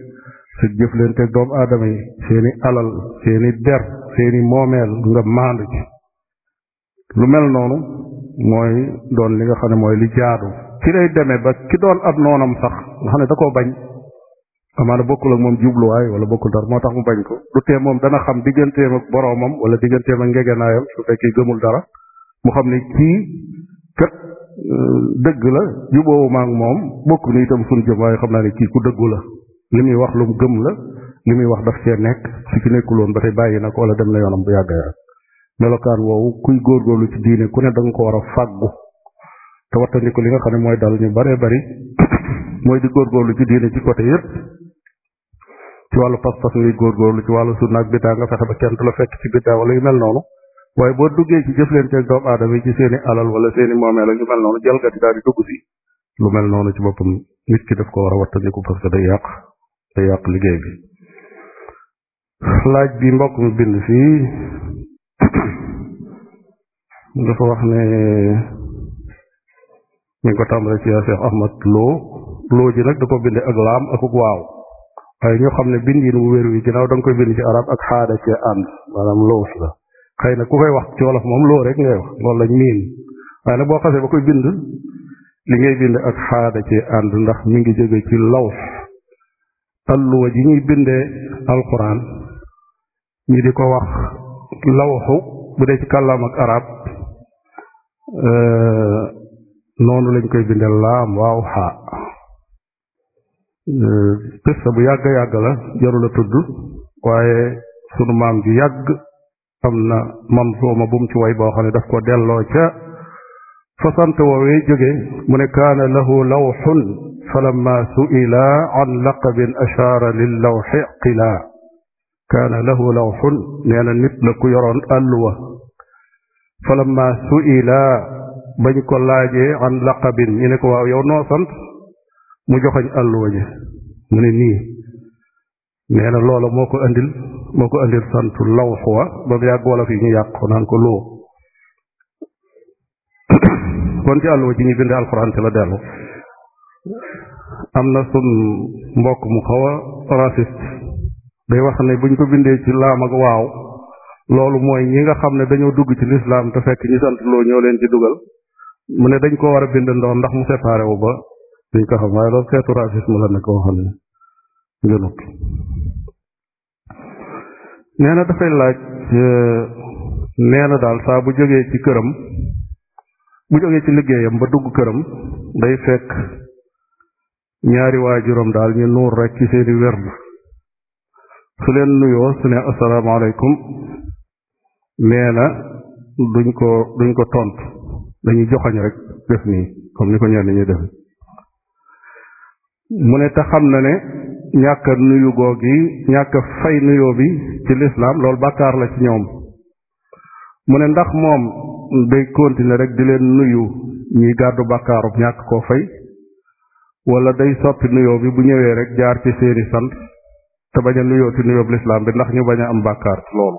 jëf leen teg doomu aadama yi seeni alal seeni der seeni moomeel nga maandu ci lu mel noonu mooy doon li nga xam ne mooy li jaadu ci lay demee ba ki doon ab noonam sax nga xam ne da koo bañ amaana bokkul ak moom jubluwaay wala bokkul dara moo tax mu bañ ko lu tee moom dana xam digganteem ak boroomam wala digganteem ak ngegenaayam su fekkee gëmul dara mu xam ne kii kat euh, dëgg la juboowu maak moom bokk ni itam suñ jëm waaye xam naa ne kii ku dëggu la li muy wax lu mu gëm la li muy wax daf cee nekk su ci nekkuloon ba tey bàyyi na ko wala dem na yoonam bu yàgg yàgg melokaan woowu kuy góorgóorlu ci diine ku ne da ko war a fàggu te wattandiku li nga xam ne mooy dal ñu baree bari <coughs> mooy di góorgóorlu ci diine ci côté yépp ci wàllu pas-pas ngay góorgóorlu ci wàllu sunna ak bidaa nga fexe ba kenn du la fekk ci bidaa wala yu mel noonu waaye boo duggee ci jëflante ak doomu aadama yi ci seeni alal wala seeni moomeel ak yu mel noonu jalgati daal di dugg si lu mel noonu ci boppam nit ki daf ko war a wattandiku parce que day yàq day yàq liggéey bi laaj bi mbokk mu bind fii dafa wax ne ñu ngi ko tàmbale ci Cheikh Ahmad Lo Lo ji nag da ko bind ak laam ak waaw waaye ñoo xam ne bind yi mu wér wi ginnaaw da nga koy bind ci arab ak xaada ci ànd maanaam loos la xëy ku koy wax ci wolof moom loo rek nag boo xasee ba koy bind li ngay bind ak xaada ci ànd ndax mu ngi jóge ci laws alluwa ji ñuy bindee alquran ñu di ko wax lawxu bu dee ci kàllaam ak arab euh, noonu lañ koy bindee laam waaw xaa euh, pista bu yàgg yàgg la jarul a tudd waaye sunu maam ju yàgg am na man bu mu ci way boo xam ne daf ko delloo ca fasante woowee jóge mu ne kaana lahu lawxun falamma su'ila an laqabin ashaara lil lawxi qilaa kaana lahu lawxun nee na nit la ku yoroon àlluwa falamma suila bañ ko laajee an laqabin ñu ne ko waaw yow noo sant mu joxoñ àlluwa ji mu ne nii nee na loola moo ko andil moo ko andil santu lawx wa ba mu yàgg wolof yi ñu yàq naan ko loo <coughs> kon ci àlluwa ji ñu bind alxuraan ci la dellu am na sun mbokk mu xaw a day wax ne buñ ko bindee ci laam waaw loolu mooy ñi nga xam ne dañoo dugg ci lislaam te fekk ñi sant loo ñoo leen ci dugal mu ne dañ ko war a bind ndox ndax mu séparé wu ba duñ ko xam waaye loolu xeetu racisme la nekk woo xam ne njëlut nee na dafay laaj euh, nee daal saa bu jógee ci këram bu jógee ci liggéeyam ba dugg këram day fekk ñaari waajuram daal ñu nuur rek ci seeni werd su leen nuyoo su ne asalaamaaleykum nee na duñ ko duñ ko tontu dañuy joxañ rek def nii comme ni ko ñeen ñi def mu ne te xam na ne ñàkk a nuyu googi ñàkk a fay nuyoo bi ci lislaam lool bàkkaar la ci ñoom mu ne ndax moom day continuer rek di leen nuyu ñuy gàddu bàkkaaru ñàkk koo fay wala day soppi nuyoo bi bu ñëwee rek jaar ci seeni sant te bañ a nuyooti nuyoob lislaam bi ndax ñu baña am bakkaar ci loolu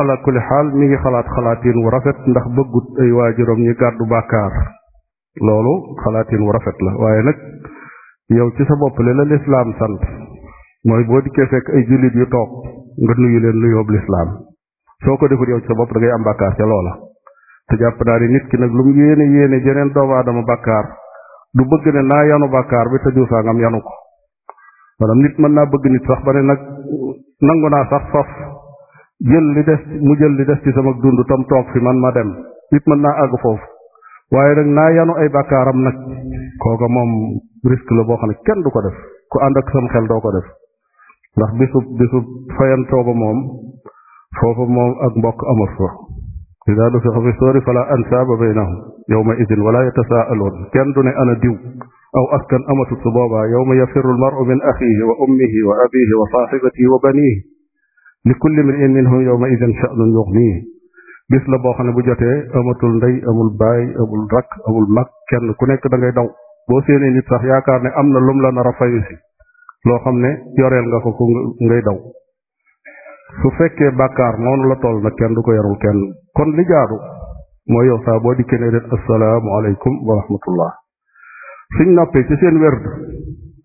ala xaal mi ngi xalaat xalaat xalaatin wu rafet ndax bëggut ay waajuram ñi gàddu bàkkaar loolu xalaat xalaatin wu rafet la waaye nag yow ci sa bopp li la lislaam sant mooy boo dikkee fekk ay jullit yu toog nga nuyu leen nuyoob lislaam soo ko defut yow ci sa bopp da ngay am bàkkaar ca loola te jàpp naa ni nit ki nag lu mu yéene yéene jeneen doomu aadama bàkkaar du bëgg ne naa yanu bàkkaar bi te juusaa yanu ko maanaam nit mën naa bëgg nit sax ba ne nag nangu naa sax faf jël li des mu jël li des ci sama dund tam toog fi man ma dem nit man naa àgg foofu waaye nag naa yanu ay bakaaram nag kooka moom risque la boo xam ne kenn du ko def ku ànd ak sam xel doo ko def ndax bisub bisub fayantoo ba moom foofa moom ak mbokk amut fa daa du fi xafi sóori fala ansaaba baynahum yawma idin wala yatasaaluun kenn du ne ana diw aw askan amatul su boobaa yawma yafirru almaru min axiihi wa ummihi wa abiihi wa saaxibatihi wa baniihi li kulli mri'in minhum yawma idin sha'nun yughniihi bis la boo xam ne bu jotee amatul ndey amul baay amul rakk amul mag kenn ku nekk da ngay daw boo séenee sax yaakaar ne am na lum la nar a fayu si loo xam ne yoreel nga ko ku ngay daw su fekkee bàkkaar noonu la toll na kenn du ko yarul kenn kon li jaadu mooy yow saa boo dikkee ne leen assalaamu alaykum wa suñ noppee ci seen werd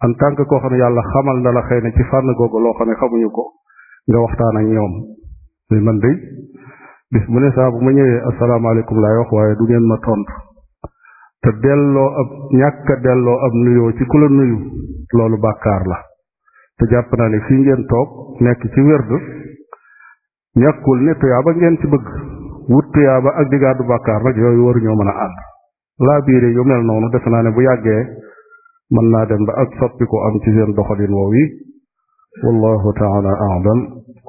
en tant que koo xam yàlla xamal na la xëy na ci fànn googu loo xam ne xamuñu ko nga waxtaan ak ñoom mais man de bis bu ma ñëwee asalaamaaleykum laay wax waaye du ngeen ma tontu te delloo ab ñàkk a delloo ab nuyoo ci ku nuyu loolu bàkkaar la te jàpp naa ne fii ngeen toog nekk ci werd ñàkkul ne tuyaaba ngeen ci bëgg wut ba ak di gàddu bàkkaar nag yooyu waruñoo mën a ànd laa biire yu mel noonu defe naa ne bu yàggee mën naa dem ba ak soppiku am ci seen doxalin woow yi wallahu taala alam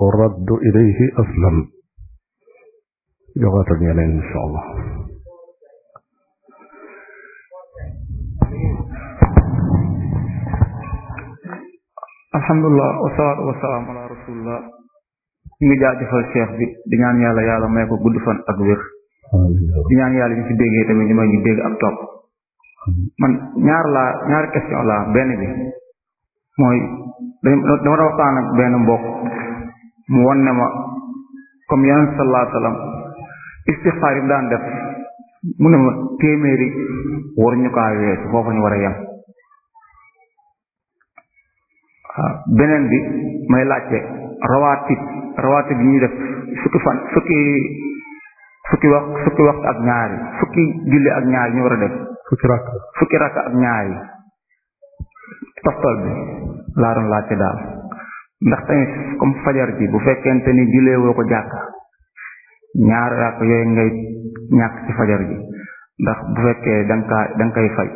wa raddu ilayhi aslam joxaatal ñeneen insha allah alhamdulilah wasalaatu wasalaam bi di ñaan yàlla yàlla may ko gudd fan ak wér di ñaan yàlla ñu ci déggee tamit ñu may dégg ak man ñaar laa ñaari question laa benn bi mooy dama dama waxtaan ak benn mbokk mu won ne ma comme yonent sallallahu alayhi wasallam istixfaar daan def mu ne ma téeméeri war ñu kaa weesu foofu ñu war a yem ah, beneen bi may laajte rawaatib rawaatib bi ñuy def fukki fan fukki fukki wax fukki waxtu ak ñaari fukki julli ak ñaari ñu war a def. fukki rakk fukki rakk ak ñaari toftal bi laa doon daal ndax tamit comme fajar ji bu fekkente ni jullee woo ko jàkka ñaari rakk yooyu ngay ñàkk ci fajar ji ndax bu fekkee da nga da nga koy fay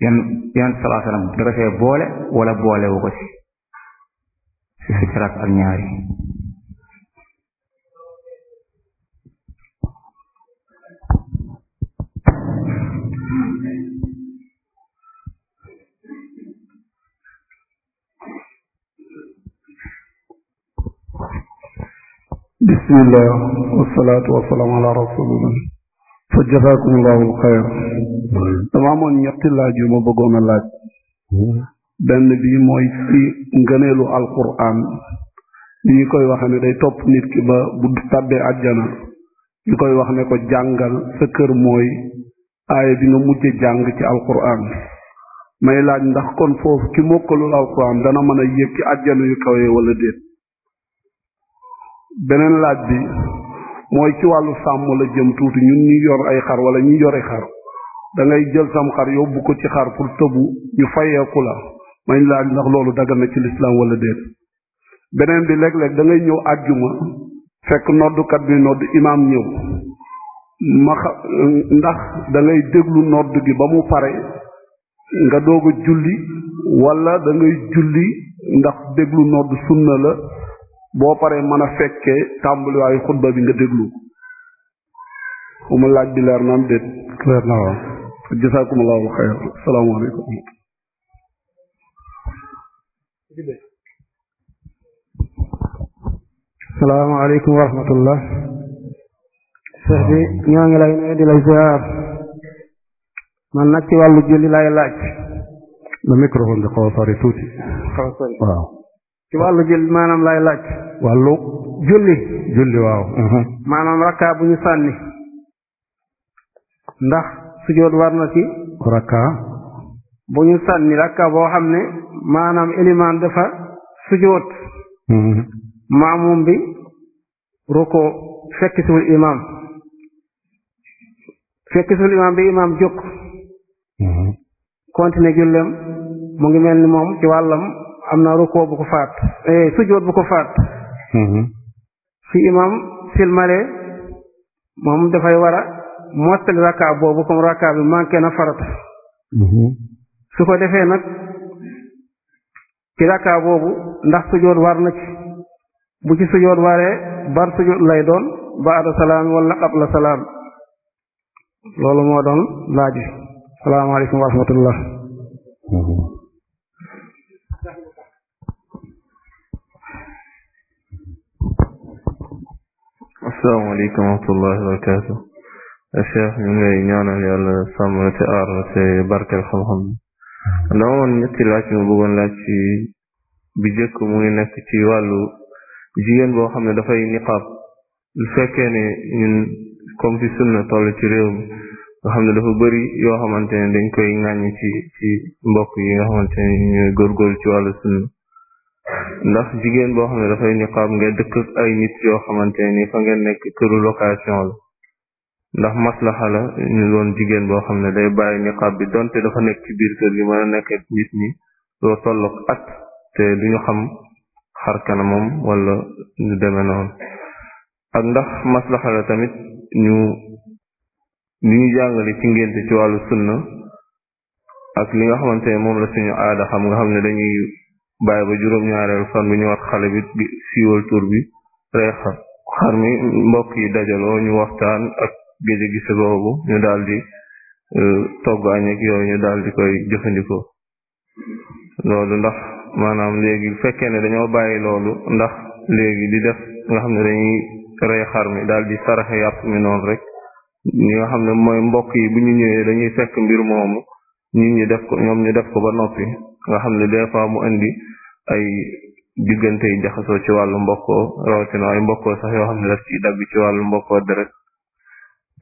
yan yan salaa boole wala boole wu ko ci si ak ñaari. bismillah wasalaatu wasalaamu ala rasulillah fa jazakum allahu alxayr dama amoon ñetti laaj yu ma bëggoon a laaj benn bi mooy ci ngëneelu alquran li ñu koy wax ne day topp nit ki ba bu tàbbee àjjana ñu koy wax ne ko jàngal sa kër mooy aaya bi nga mujj jàng ci alquran may laaj ndax kon foofu ki mokkalul alquran dana mën a yëg ci àjjana yu kawe wala déet beneen laaj bi mooy ci wàllu sàmm la jëm tuuti ñun ñu yor ay xar wala ñuy yore xar dangay jël sam xar yóbbu ko ci xar pour tëbu ñu fayeeku la mañ laaj ndax loolu dagan na ci lislaam wala déet beneen bi léeg-léeg da ñëw àjjuma fekk noddukat bi nodd imaam ñëw ma ndax da déglu nodd gi ba mu pare nga doog julli wala da ngay julli ndax déglu nodd sunna la boo paree mën a fekkee tàmbaliwaayu xutba bi nga déglu ko fu mu laaj bi leer na am déet leer na waaw jazakumullahu xayr salaamaaleykum salaamaaleykum wa rahmatullah seex bi ñoo ngi lay nuyu di lay ziar man nag ci wàllu julli lay laaj le microphone bi xaw tuuti xaw waaw ci wàllu julli maanaam lay laaj wàllu julli julli waaw mhm. maanaam rakka bu sànni ndax sujoot war na ci rakka bu sànni rakka boo xam ne maanaam élimaan dafa sujoot mhm. maamum bi ruko fekk siwul imaam fekk imaam bi imaam jóg mhm. continuer jullem mu ngi mel ni moom ci wàllam am na ruko bu faat eh sujoot bu faat fi mm-hmm. imam silmale moom dafay war a mottali rakka boobu comme rakka bi manqué na farata mm-hmm. su ko defee nag ci rakka boobu ndax sujoot war na ci bu ci sujoot waree bar sujoot lay doon baada salaam walla qabla salaam loolu moo doon laaj bi salaamaaleykum wa asalaamaaleykum wa rahmatullahi wa barakaatu eh, cheikh ñu te aar te barkeel xam-xam dama woon ñetti laaj ma bëggoon laaj ci bi jëkk mu nekk ci wàllu jigéen boo xam ne dafay niqaab lu fekkee ne ñun ci sunna toll ci réew mi xam ne dafa bëri yoo xamante ne dañ koy ŋàññ ci ci mbokk yi nga xamante ne ñooy ci wàllu sunna ndax jigéen boo xam ne dafay niqaab nga dëkk ak ay nit yoo xamante ni fa ngeen nekk këru location la ndax maslaxa la ñu doon jigéen boo xam ne day bàyyi niqaab bi donte dafa nekk ci biir kër gi mën a nekk nit ñi loo tollook at te duñu xam xar kanamam wala ñu deme noonu ak ndax maslaxa la tamit ñu li ñu jàngale ci ngénte ci wàllu sunna ak li nga xamante ne moom la suñu aada xam nga xam ne dañuy bàyyi ba juróom-ñaareel fan bi ñëwaat xale bi di siiwal bi rey xar xar mi mbokk yi ñu waxtaan ak géje gise boobu ñu daal di e, togg añ ak yooyu ñu daal di koy jëfandikoo loolu ndax maanaam léegi fekkee ne dañoo bàyyi loolu ndax léegi di def nga xam ne dañuy rey xar mi daal di saraxe yàpp mi noonu rek ñi nga xam ne mooy mbokk yi bu ñëwee dañuy fekk mbir moomu ñu ñu def ko ñoom ñu def ko ba noppi nga xam ne des mu indi ay diggante yu jaxasoo ci wàllu mbokkoo rawatina ay mbokkoo sax yoo xam ne daf ci dagg ci wàllu mbokkoo deret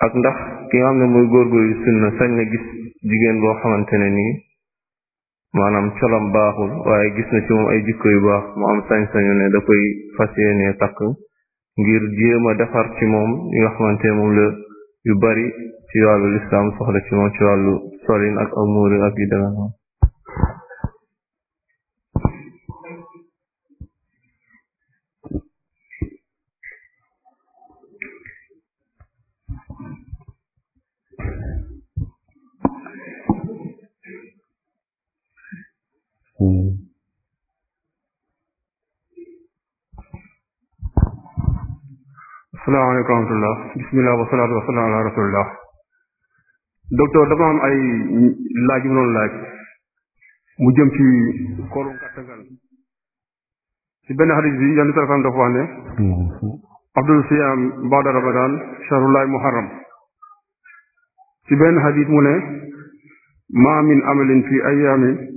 ak ndax ki nga xam ne muy góorgóorlu sunna sañ na gis jigéen boo xamante ne nii maanaam colam baaxul waaye gis na ci moom ay jikko yu baax mu am sañ-sañu ne da koy fas yéenee ngir jéem a defar ci moom yi nga xamante moom la yu bari ci wàllu lislaam soxla ci moom ci wàllu solin ak amurin ak yu demee 嗯。salaamaaleykum wa rahmatulah bisimilah wa salaatu wa salaam ala rasulillah docteur dama am ay laaj yu noonu laaj mu jëm ci koorum kàttangal ci benn xadis bi yàlla na dafa wax ne abdul siyaam baada ramadan shahrullahi muharram ci benn xadis mu ne ma min amalin fi ayaamin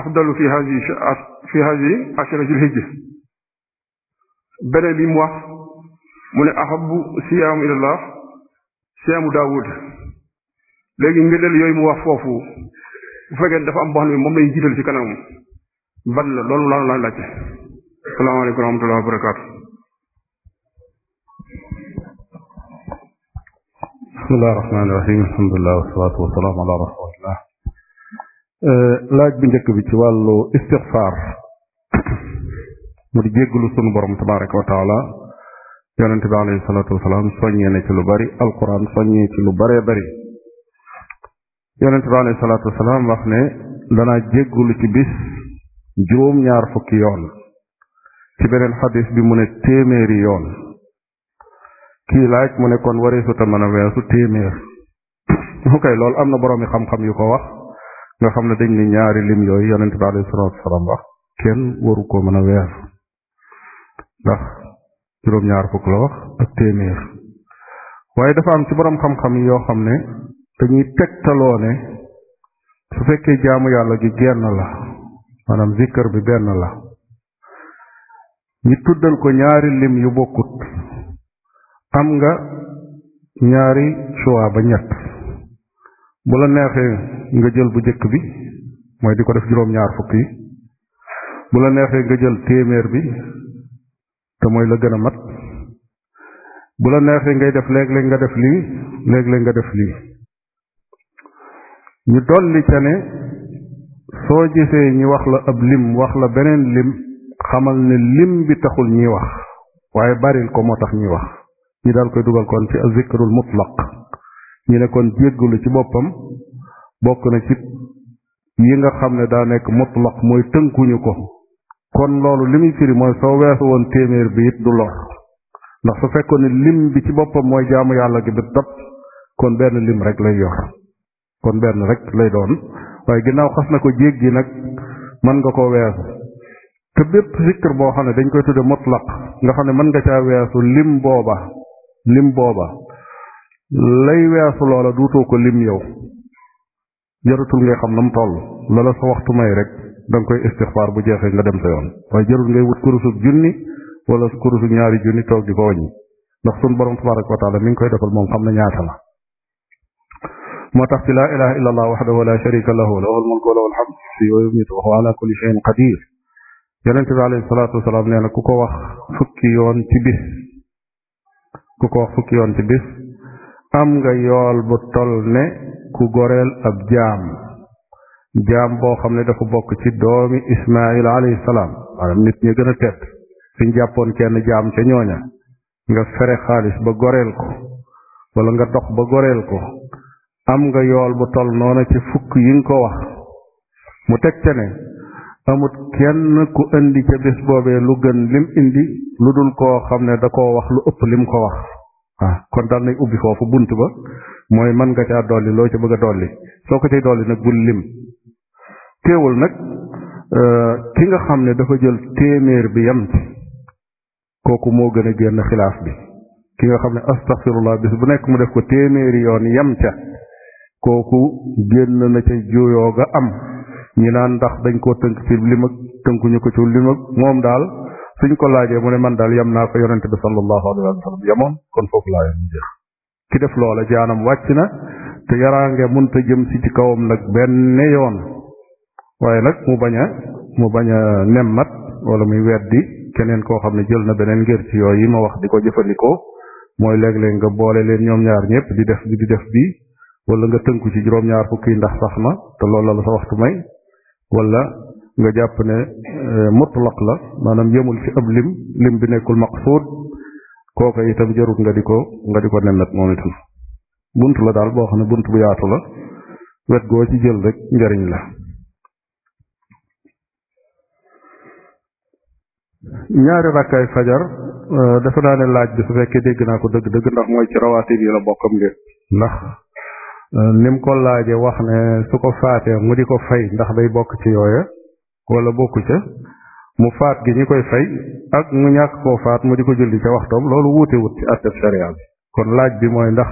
afdalu fi hadi fi hadi ashratil hijja beneen bi mu wax mu ne ahabu siyaamu ilallah siyaamu daawud léegi ngëneel yooyu mu wax foofu bu fekkee dafa am boo xam moom lay jiital ci kanam ban la loolu laa la laajte am wa rahmatulah wa barakaatu bismillahi rahmaani rahim alhamdulilah wasalaatu wasalaamu ala rasulillah Euh, laaj bu njëkk bi ci wàllu istixfaar mu di jéggalu sunu borom tabaraka wa taala yonente bi alayhi salaatu wasalaam soññee na ci lu bari alquran soññee ci lu baree bari yonente bi alayhi salaatu wasalaam wax ne danaa jéggalu ci bis juróom-ñaar fukki yoon ci beneen xadis bi mu ne téeméeri yoon kii laaj mu ne kon wareesuta mën a weesu téeméer ok loolu am na boroomi xam-xam yu ko wax nga xam ne dañ ne ñaari lim yooyu yonente bi alayhi salatu wasalaam wax kenn waru ko mën a weesu ndax juróom-ñaar fukk la wax ak téeméer waaye dafa am ci borom xam-xam yoo xam ne dañuy tegtaloo su fekkee jaamu yàlla ji genn la maanaam zikkër bi benn la ñi tuddal ko ñaari lim yu bokkut am nga ñaari choix ba ñett bu la neexee nga jël bu jëkk bi mooy di ko def juróom-ñaar fukk bu la neexee nga jël téeméer bi te mooy la gën a mat bu la neexee ngay def léeg-léeg nga def lii léeg-léeg nga def lii ñu dolli ca ne soo gisee ñi wax la ab lim wax la beneen lim xamal ne lim bi taxul ñi wax waaye baril ko moo tax ñi wax ñi daal koy dugal kon ci azikrul mutlaq ñu ne kon jéggalu ci boppam bokk na ci yi nga xam ne daa nekk mutlaq mooy tënkuñu ko kon loolu li muy mooy soo weesu woon téeméer bi du lor ndax su fekkoon ne lim bi ci boppam yàlla gi bi kon benn lim rek lay yor kon benn rek lay doon waaye ginnaaw xas na ko jéggi nag mën nga ko weesu te bépp zikr boo xam ne dañ koy tudde mutlaq nga xam ne mën nga caa weesu lim booba lim booba lay weesu loola ko lim yow jarutul ngay xam na mu toll loola sa waxtu may rek danga koy istixfaar bu jeexee nga dem sa yoon waaye jarul ngay wut kurusug junni wala kurusug ñaari junni toog ko wàññi ndax sun borom tabaraka wa taala mi ngi koy defal moom xam na ñaata la moo tax ci laa ilaha illa allah waxdahu la sharika lahu wax mulku wa lahul hamd yuhyi wa yumiitu wa huwa ala na ku ko wax fukki yoon ci bis ku ko wax fukki yoon ci bis am nga yool bu tol ne ku goreel ab jaam jaam boo xam ne dafa bokk ci doomi ismail alayhi salaam maanaam nit ñi gën a tedd jàppoon kenn jaam ca ñooña nga fere xaalis ba goreel ko wala nga dox ba goreel ko am nga yool bu tol noona ci fukk yi nga ko wax mu teg ca ne amut kenn ku indi ca bis boobee lu gën lim indi lu dul koo xam ne da koo wax lu ëpp lim ko wax waaw ah, kon daal nay ubbi foofu bunt ba mooy man nga caa dolli loo ca bëgg a dolli soo ko cay dolli nag bul lim teewul nag euh, ki nga xam ne dafa jël téeméer bi yam kooku moo gën a génn xilaaf xam ne astaxfirullah bis bu nekk mu def ko téeméeri yoon yam ca kooku génn na ca juyoo ga am ñi naan ndax dañ koo tënk ci lim ak tënkuñu ko ci lim moom daal suñ ko laajee mu ne man daal yam naa ko yonente bi sallallahu alayhi wa sallam yemoon kon foofu laa yem mu jeex ki def loola jaanam wàcc na te yaraange munta jëm si ci kawam nag benn yoon waaye nag mu bañ a mu bañ a nemmat wala muy weddi keneen koo xam ne jël na beneen ngir ci yooyu ma wax di ko jëfandikoo mooy léeg-léeg nga boole leen ñoom ñaar ñëpp di def bi di def bii wala nga tënku ci juróom-ñaar fukki ndax sax na te loolu la sa waxtu may wala nga jàpp ne euh, mutlaq la maanaam yëmul ci ab lim lim bi nekkul maqsuud kooka itam jarut nga di ko nga di ko nenat moom itam bunt la daal boo xam ne bunt bu yaatu la wet goo ci jël rek njariñ la ñaari rakkaay fajar euh, dafa naa ne laaj bi su fekkee dégg naa ko dëgg dëgg ndax mooy ci rawaatib yi la bokkam ngeen ndax euh, ni ko laaje wax ne su ko faatee mu di ko fay ndax day bokk ci yooya wala bokk ca mu faat gi ñi koy fay ak mu ñàkk koo faat mu di ko julli ca waxtoom loolu wuute wut ci atteb sharia bi kon laaj bi mooy ndax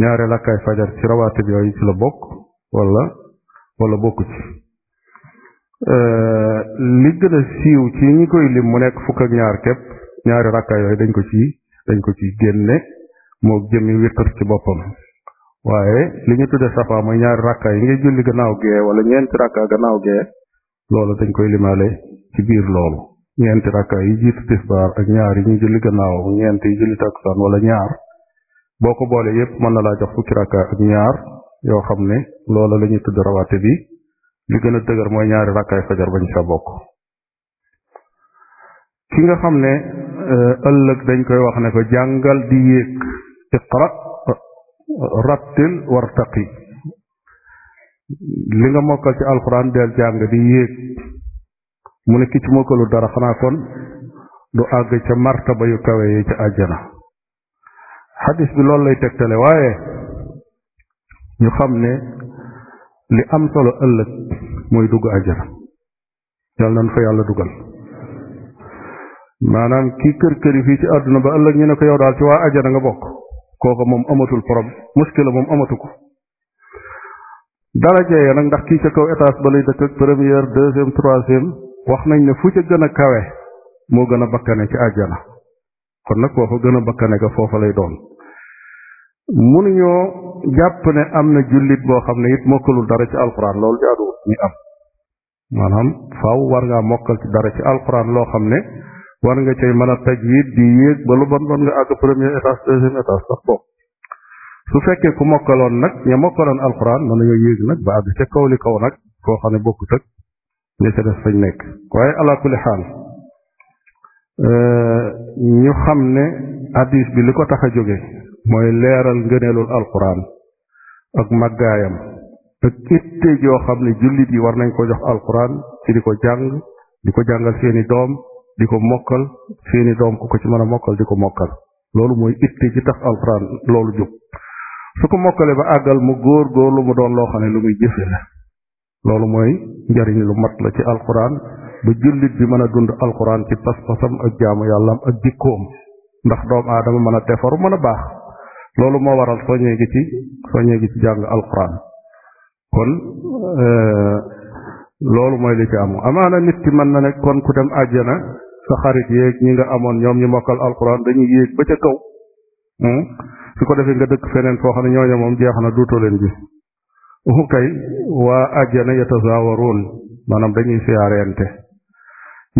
ñaare lakkaay fajar ci rawaatib yooyu ci la bokk wala wala bokku ci euh, li gën siiw ci ñi koy lim mu nekk fukk ak ñaar képp ñaari rakkaay yooyu dañ ko ci dañ ko ci génne moo jëmi witr ci boppam waaye li ñu tudde safa mooy ñaari rakkaay yi ngay julli gannaaw gee wala ñeenti rakkaa gannaaw gee loola dañ koy limaale ci biir loolu ñeenti rakka yi jiitu tisbaar ak ñaar yi ñu julli gannaaw ñeent yi julli takusaan wala ñaar boo ko boole yépp mën na laa jox fukki rakka ak ñaar yoo xam ne loola la ñuy tudd rawaate bi li gën a dëgër mooy ñaari rakkaay fajar bañ sa bokk ki nga xam ne euh, ëllëg dañ koy wax ne ko jàngal di yéeg iqra rattil wartaqi li nga mokkal ci alxuraan del jàng di yéeg mu ne ki ci mokkalu dara xanaa kon du àgg ca martaba yu kawe yi ca àjjana xadis bi loolu lay tegtale waaye ñu xam ne li am solo ëllëg mooy dugg àjjana yàlla nañ fa yàlla dugal maanaam kii kër këri fii ci àdduna ba ëllëg ñu ne ko yow daal ci waa àjjana nga bokk kooka moom amatul problème muskila moom amatu ko daraja ya nag ndax kii ca kaw étage ba lay dëkk ak première deuxième troisième wax nañ ne fu ca gën a kawe moo gën a bakkane ci àjjana kon nag koo gën a bakkane ka foofa lay doon munuñoo jàpp ne am na jullit boo xam ne it mokkalul dara ci alxuraan loolu jaaduwut ñu am maanaam faaw war ngaa mokkal ci dara ci alxuraan loo xam ne war nga cay mën a tajwid di yéeg ba lu bon bon nga àgg premier étage deuxième étage sax bopp su fekkee ku mokkaloon nag ña mokkaloon alxuraan na nañoo yéeg nag ba àgg ca kaw li kaw nag koo xam ne bokk ak ña ca def fañ nekk waaye ala kulli euh, ñu xam ne hadis bi li ko tax a jóge mooy leeral ngëneelul alxuraan ak màggaayam ak itte joo xam ne jullit yi war nañ ko jox alxuraan ci di ko jàng di ko jàngal seeni doom di ko mokkal seeni doom ku ko ci mën a mokkal di ko mokkal loolu mooy itte ji tax alxuraan loolu jóg su ko mokkalee ba àggal mu góor góorlu mu doon loo xam ne lu muy jëfe la loolu mooy njariñ lu mat la ci alquran ba jullit bi mën a dund alquran ci pas-pasam ak jaamu am ak jikkoom ndax doom aadama mën a defaru mën a baax loolu moo waral soññee gi ci soññee gi ci euh, mooy li ci am amaana nit ki mën na ne kon ku dem àjjana sa xarit yee ñi nga amoon ñoom ñi mokkal alquran dañuy yéeg ba ca kaw hmm? su ko defee nga dëkk feneen foo xam ne ñooñu moom jeex na duutoo leen gis umu kay waa àjjana yatazawaroon maanaam dañuy siyaareente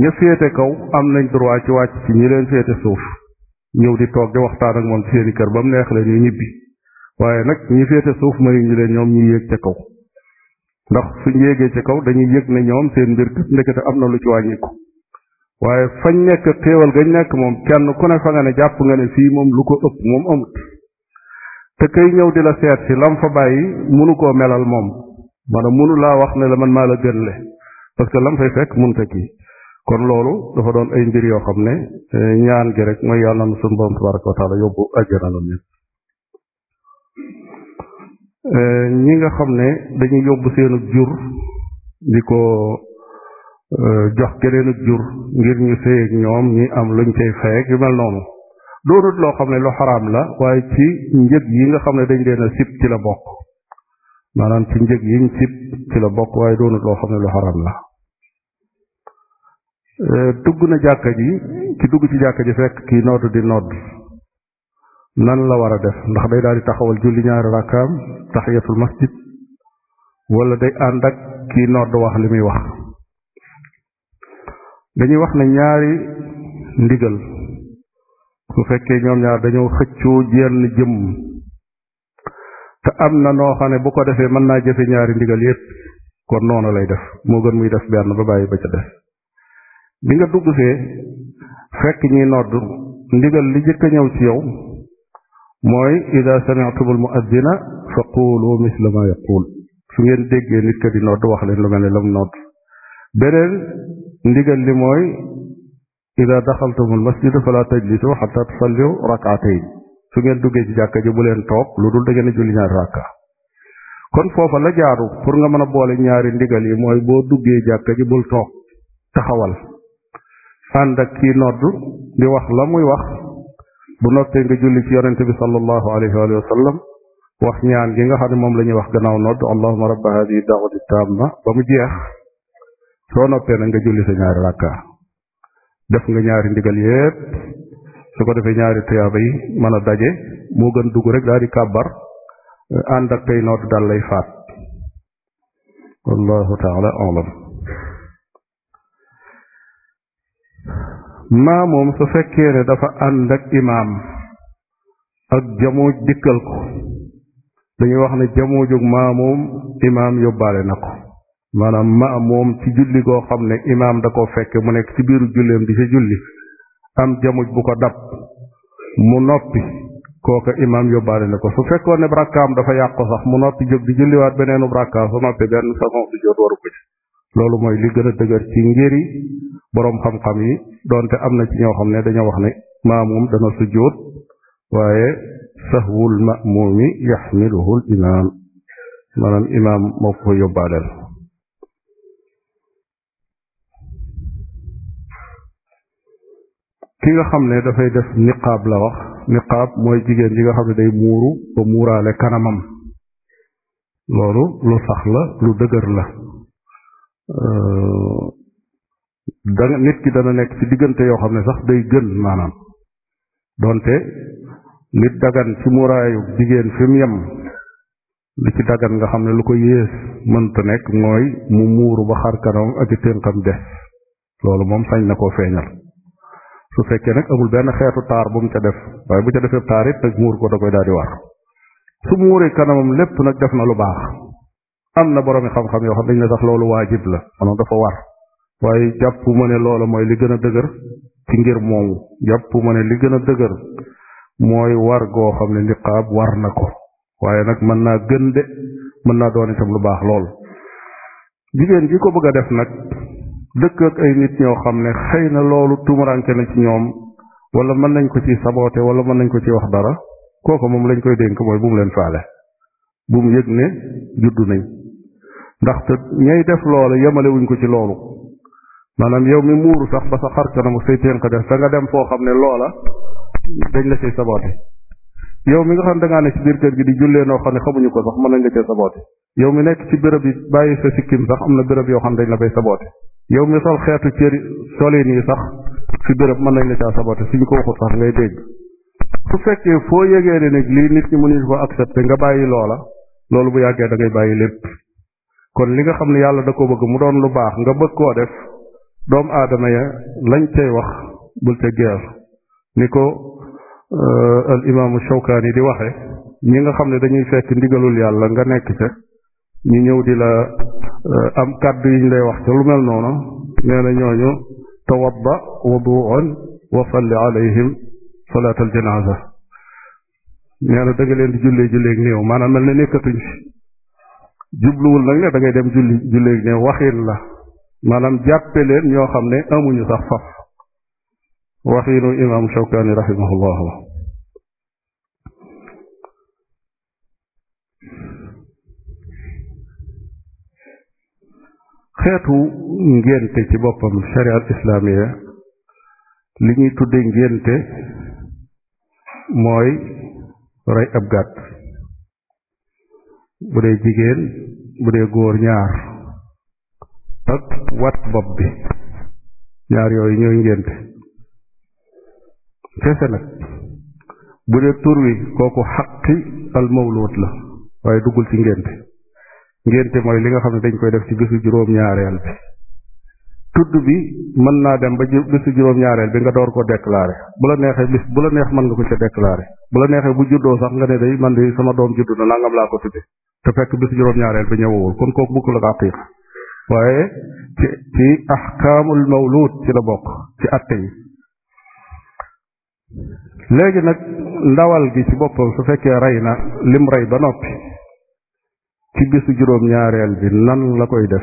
ña féete kaw am nañ droit ci wàcc ci ñi leen féete suuf ñëw di toog di waxtaan ak moom ci seeni kër ba mu neex leen ñu ñibbi waaye nag ñi féete suuf mënuñu leen ñoom ñi yéeg ca kaw ndax suñ yéegee ca kaw dañuy yëg ne ñoom seen mbir kat ndekete am na lu ci wàññiku waaye fañ nekk xéewal gañ nekk moom kenn ku ne fa nga lu ko ëpp moom te kay ñëw di la seet si lam fa bàyyi munu koo melal moom maanaam munu laa wax ne la man maa la gën le parce que lam fay fekk munta kii kon loolu dafa doon ay mbir yoo xam ne eh, ñaan gi rek mooy yàlla na suñu borom tabaraka wa taala yóbbu ajjana la ñëpp eh, ñi nga xam ne dañuy yóbbu seenub jur di ko eh, jox geneenub jur ngir ñu sëyeeg ñoom ñi am luñ cay fayeg yu mel noonu doonut loo xam ne lu xaraam la waaye ci njëg yi nga xam ne dañ leen a sib ci la bokk maanaam ci njëg yiñ sib ci la bokk waaye doonut loo xam ne lu xaraam la eh, dugg na jàkka ji ki dugg ci jàkka ji fekk ki nodd di nodd nan la war a def ndax day daal di taxawal julli ñaari rakkaam taxiyatul masjid wala day ànd ak ki nodd wax li muy wax dañuy wax ne ñaari ndigal su fekkee ñoom ñaar dañoo xëccoo jenn jëm te am na noo xam ne bu ko defee mën naa jëfe ñaari ndigal yépp kon noonu lay def moo gën muy def benn ba bàyyi ba ca des bi nga dugg see fekk ñuy nodd ndigal li jëkk a ñëw ci yow mooy ida sami'tumul mu'addina fa quulu misla ma yaqul su ngeen déggee nit ka di nodd wax leen lu mel ne lam nodd beneen ndigal li mooy ida daxaltumul masjid fala tajlisu xata tusalliu rakatayn su ngeen duggee ci jàkka ji bu leen toog lu dul da ngeen a julli ñaari rakka kon foofa la jaaru pour nga mën a boole ñaari ndigal yi mooy boo duggee jàkka ji bul toog taxawal ànd ak kii nodd di wax la muy wax bu noppee nga julli ci yonente bi sallallahu alayhi wa sallam wax ñaan gi nga xam ne moom la ñuy wax gannaaw nodd allahuma rabba hadihi daawati tamma ba mu jeex soo noppee nañ nga julli sa ñaari def nga ñaari ndigal yépp su ko defee ñaari tuyaaba yi mën a daje moo gën dugg rek daal di kàbbar ànd ak tey noot daal lay faat wallahu su fekkee ne dafa ànd ak imaam ak jamoo dikkal ko dañuy wax ne jamoo jóg maa imaam yóbbaale na ko maanaam maamoom ci julli koo xam ne imaam da koo fekk mu nekk ci biiru julleem di sa julli am jamuj bu ko dab mu noppi kooka imaam yóbbaale na ko su fekkoon ne rakkaam dafa yàqu sax mu noppi jóg di julliwaat beneenu rakkaam su noppi benn façon su waru ko loolu mooy li gën a dëgër ci ngiri boroom xam-xam yi donte am na ci ñoo xam ne dañoo wax ne maamum dana sujjóot waaye sahwul ma'mumi yaxmiluhu al imaam maanaam imaam moo ko yóbbaaleel ki nga xam ne dafay def niqaab la wax niqaab mooy jigéen ji nga xam ne day muuru ba muuraale kanamam loolu lu sax la lu dëgër la danga nit ki dana nekk ci diggante yoo xam ne sax day gën maanaam donte nit dagan ci muuraayu jigéen fi mu yem li ci dagan nga xam ne lu ko yées mënta nekk mooy mu muuru ba xar kanam ak tënkam des loolu moom sañ na koo feeñal su fekkee nag amul benn xeetu taar bu mu ca def waaye bu ca defee taar it nag muur ko da koy daal di war su muuree kanamam lépp nag def na lu baax am na boroomi xam-xam yoo xam dañ ne sax loolu waajib la maanaam dafa war waaye jàpp ma ne loola mooy li gën a dëgër ci ngir moomu jàpp ma ne li gën a dëgër mooy war goo xam ne niqaab war na ko waaye nag mën naa gën de mën naa doon itam lu baax lool jigéen ji ko bëgg def nag dëkk ak ay nit ñoo xam ne xëy na loolu tumuraanke na ci ñoom wala mën nañ ko ci saboote wala mën nañ ko ci wax dara kooku moom lañ koy dénk mooy bu mu leen faale bu mu yëg ne juddu nañ ndaxte ñay def loola yemale wuñ ko ci loolu maanaam yow mi muuru sax ba sa xar kanam say ténk def da nga dem foo xam ne loola dañ la cay saboote yow mi nga xam ne da ngaa ne ci biir kër gi di jullee noo xam ne xamuñu ko sax mën nañ la cay saboote yow mi nekk ci béréb yi bàyyi sa sikkim am na béréb yoo xam ne dañ la fay saboote yow mi sol xeetu cër solin yi sax fi béréb mën nañ la caa saboté suñ ko waxut sax ngay dégg su fekkee foo yëgee ne nag lii nit ñi mënuñu ko accepté nga bàyyi loola loolu bu yàggee dangay bàyyi lépp kon li nga xam ne yàlla da ko bëgg mu doon lu baax nga bëgg koo def doomu aadama ya lañ cay wax bul ca geer ni ko euh, al imaamu Shawkaani di waxe ñi nga xam ne dañuy fekk ndigalul yàlla nga nekk ca ñu ñëw di la eh, am kàddu yi ñu lay wax ca lu mel noonu nee na ñooñu tawadda wudu'an wa salli na da leen di jullee julleeg maanaam mel ne nekkatuñ fi jubluwul da ngay dem julli julleeg la maanaam jàppe leen ñoo xam ne amuñu sax faf waxiinu imaam Shawkaani rahimahullahu xeetu ngénte ci boppam shariat islaamiya li ñuy tudde ngénte mooy rey ab gàtt bu dee jigéen bu dee góor ñaar ak wat bopp bi ñaar yooyu ñooy ngénte kese nag bu dee tur wi kooku xaqi al la waaye duggul ci ngénte ngénte mooy li nga xam ne dañ koy def ci bisu juróom-ñaareel bi tudd bi mën naa dem ba bisu juróom-ñaareel bi nga door ko déclaré bu la neexee bis bu la neex mën nga ko ca déclaré bu la neexee bu juddoo sax nga ne day man de sama doom juddu na nangam laa ko tudde te fekk bisu juróom-ñaareel bi ñëwul kon kooku bukk la ko aqiq waaye ci ci ahkaamul ci la bokk ci atte yi léegi nag ndawal gi ci boppam su fekkee rey na lim rey ba noppi ci bisu juróom ñaareel bi nan la koy def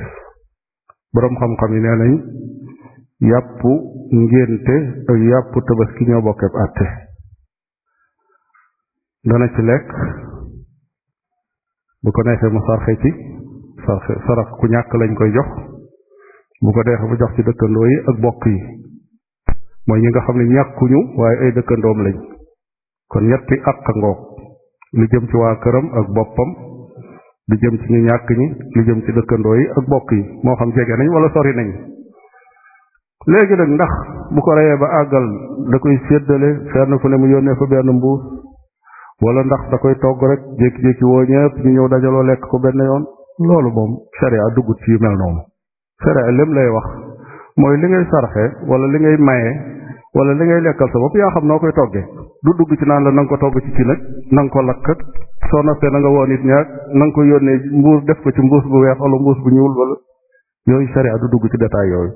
boroom xam-xam yi nee nañ yàpp ngénte ak yàpp tabaski ñoo bokkeeb àtte dana ci lekk bu ko neexee mu sarxe ci sarxe sarax ku ñàkk lañ koy jox bu ko neexee mu jox ci dëkkandoo yi ak bokk yi mooy ñi nga xam ne ñàkkuñu waaye lañ kon ñetti àq ngoog ci waa këram ak boppam lu jëm ci ñu ñàkk ñi lu jëm ci dëkkandoo yi ak bokk yi moo xam jege nañ wala sori nañ léegi nag ndax bu ko reyee ba àggal da koy séddale fenn fu ne mu yónnee fa benn mbuus wala ndax da koy togg rek jékki-jékki woo ñëpp ñu ñëw dajaloo lekk ko benn yoon loolu moom sharia duggut ci yu mel noonu sharia lépp lay wax mooy li ngay sarxe wala li ngay maye wala li ngay lekkal sa bopp yaa xam noo koy toggee du dugg ci naan la na ko togg ci ci nag na ko lakk soo noppee na nga woo nit ñaag na ko yónnee mbuus def ko ci mbuus bu weex wala mbuus bu ñuul wala yooyu sariya du dugg ci détail yooyu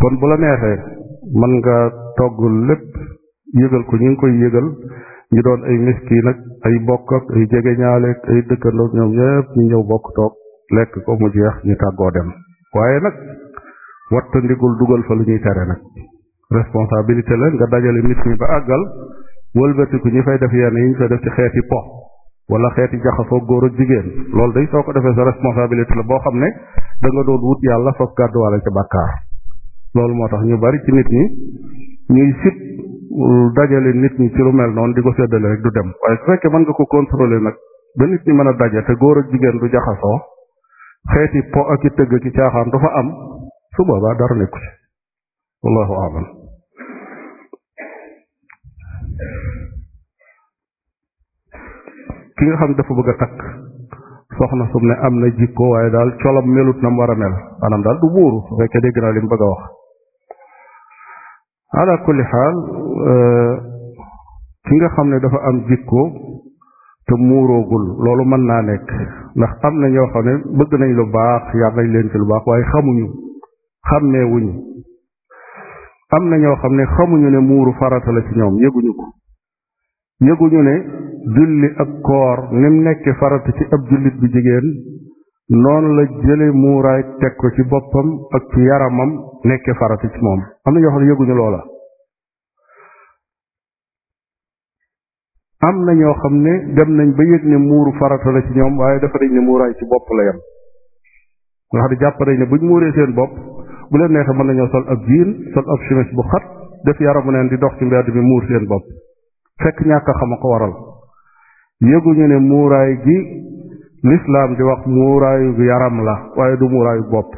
kon bu la neexee mën nga togg lépp yëgal ko ñi ngi koy yëgal ñu doon ay miskiin nag ay bokk ak ay jegeñaale ak ay dëkkandook ñoom ñëpp ñu ñëw bokk toog lekk ko mu jeex ñu tàggoo dem waaye nag wattandigul dugal fa lu ñuy tere nag responsabilité la nga dajale nit ñi ba àggal wëlbatiku ñi fay def yenn yi ñu fay def ci xeeti po wala xeeti jaxasoo góor ak jigéen loolu day soo ko defee sa responsabilité la boo xam ne da nga doon wut yàlla fas gàdduwaale ca bàkkaar loolu moo tax ñu bari ci nit ñi ñuy sit dajale nit ñi ci lu mel noonu di ko séddale rek du dem waaye su fekkee mën nga ko contrôler nag ba nit ñi mën a daje te góor ak jigéen du jaxasoo xeeti po ak i tëgg am su boobaa dara ci wallahu ki nga xam dafa bëgg a takk soxna sum ne am na jikko waaye daal colam melut na mu war a mel maanaam daal du buuru fekkee dégg naa li mu bëgg a wax ala kulli xaal euh, ki nga xam ne dafa am jikko te muuroogul loolu mën naa nekk ndax am na ñoo xam ne bëgg nañ lu baax yar nañ leen ci lu baax waaye xamuñu xàmmeewuñu am na ñoo xam ne xamuñu ne muuru farata la ci ñoom yëguñu ko yëguñu ne julli ak koor nim nekke farata ci ab jullit bu jigéen noonu la jële muuraay teg ko ci boppam ak ci yaramam nekke farata ci moom am na ñoo xam ne yëguñu loola am na ñoo xam ne dem nañ ba yëg ne muuru farata la ci ñoom waaye dafa dañ ne muuraay ci bopp la yam nga xam ne jàpp nañ ne buñ muuree seen bopp bu leen neexee mën nañoo sol ab jiin sol ab chemise bu xat def yaramu neen di dox ci mbedd bi muur seen bopp fekk ñàkk a xam a ko waral yëguñu ne muuraay gi lislaam di wax muuraayu yaram la waaye du muuraayu bopp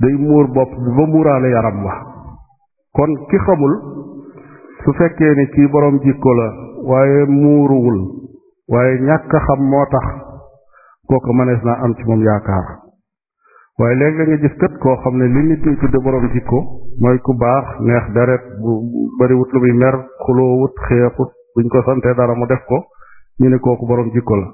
day muur bopp bi ba muuraale yaram wa kon ki xamul su fekkee ni kii boroom jikko la waaye muuruwul waaye ñàkk a xam moo tax kooku mënees naa am ci moom yaakaar waaye léegi da nga gis kët koo xam ne li nit ñi tudde borom jikko mooy ku baax neex deret bu bariwut lu muy mer xuloowut xeexut buñ ko santee dara mu def ko ñu ne kooku boroom jikko la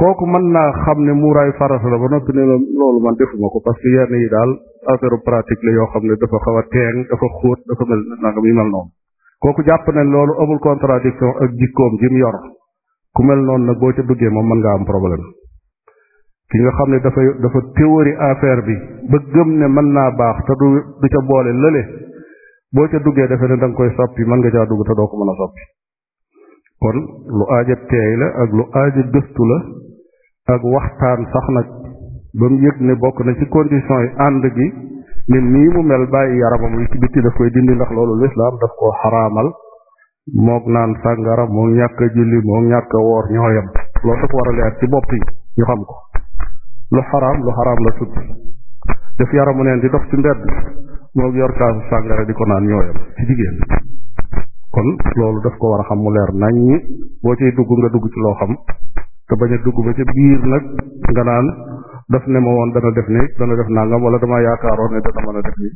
kooku mën naa xam ne muuraayu farata la ba noppi ne loolu man defuma ko parce que yenn yi daal affaire pratique la yoo xam ne dafa xaw a teeng dafa xóot dafa mel nangam yi mel noonu kooku jàpp ne loolu amul contradiction ak jikkoom ji mu yor ku mel noonu nag boo ca duggee moom mën nga am problème ki nga xam ne dafa dafa théorie affaire bi ba gëm ne mën naa baax te du du ca boole lële boo ca duggee defe ne da koy soppi mën nga caa dugg te doo ko mën a soppi kon lu aaja teey la ak lu aaja gëstu la ak waxtaan sax nag ba mu yëg ne bokk na ci condition yi ànd gi ne nii mu mel bàyyi yaramam wi ci bitti daf koy dindi ndax loolu lislaam daf koo xaraamal moog naan sàngara moog ñàkk a julli moog ñàkk woor ñoo yem loolu dafa war a leer ci bopp yi ñu xam lu xaraam lu xaraam la tudd def yaramu neen di dox ci mbedd moo yor kaasu di ko naan ñooyam ci jigéen kon loolu daf ko war a xam mu leer nañ boo ciy dugg nga dugg ci loo xam te bañ a dugg ba ci biir nag nga naan daf ne ma woon dana def ni dana def naa nangam wala dama yaakaaroon ne dana mën a def ni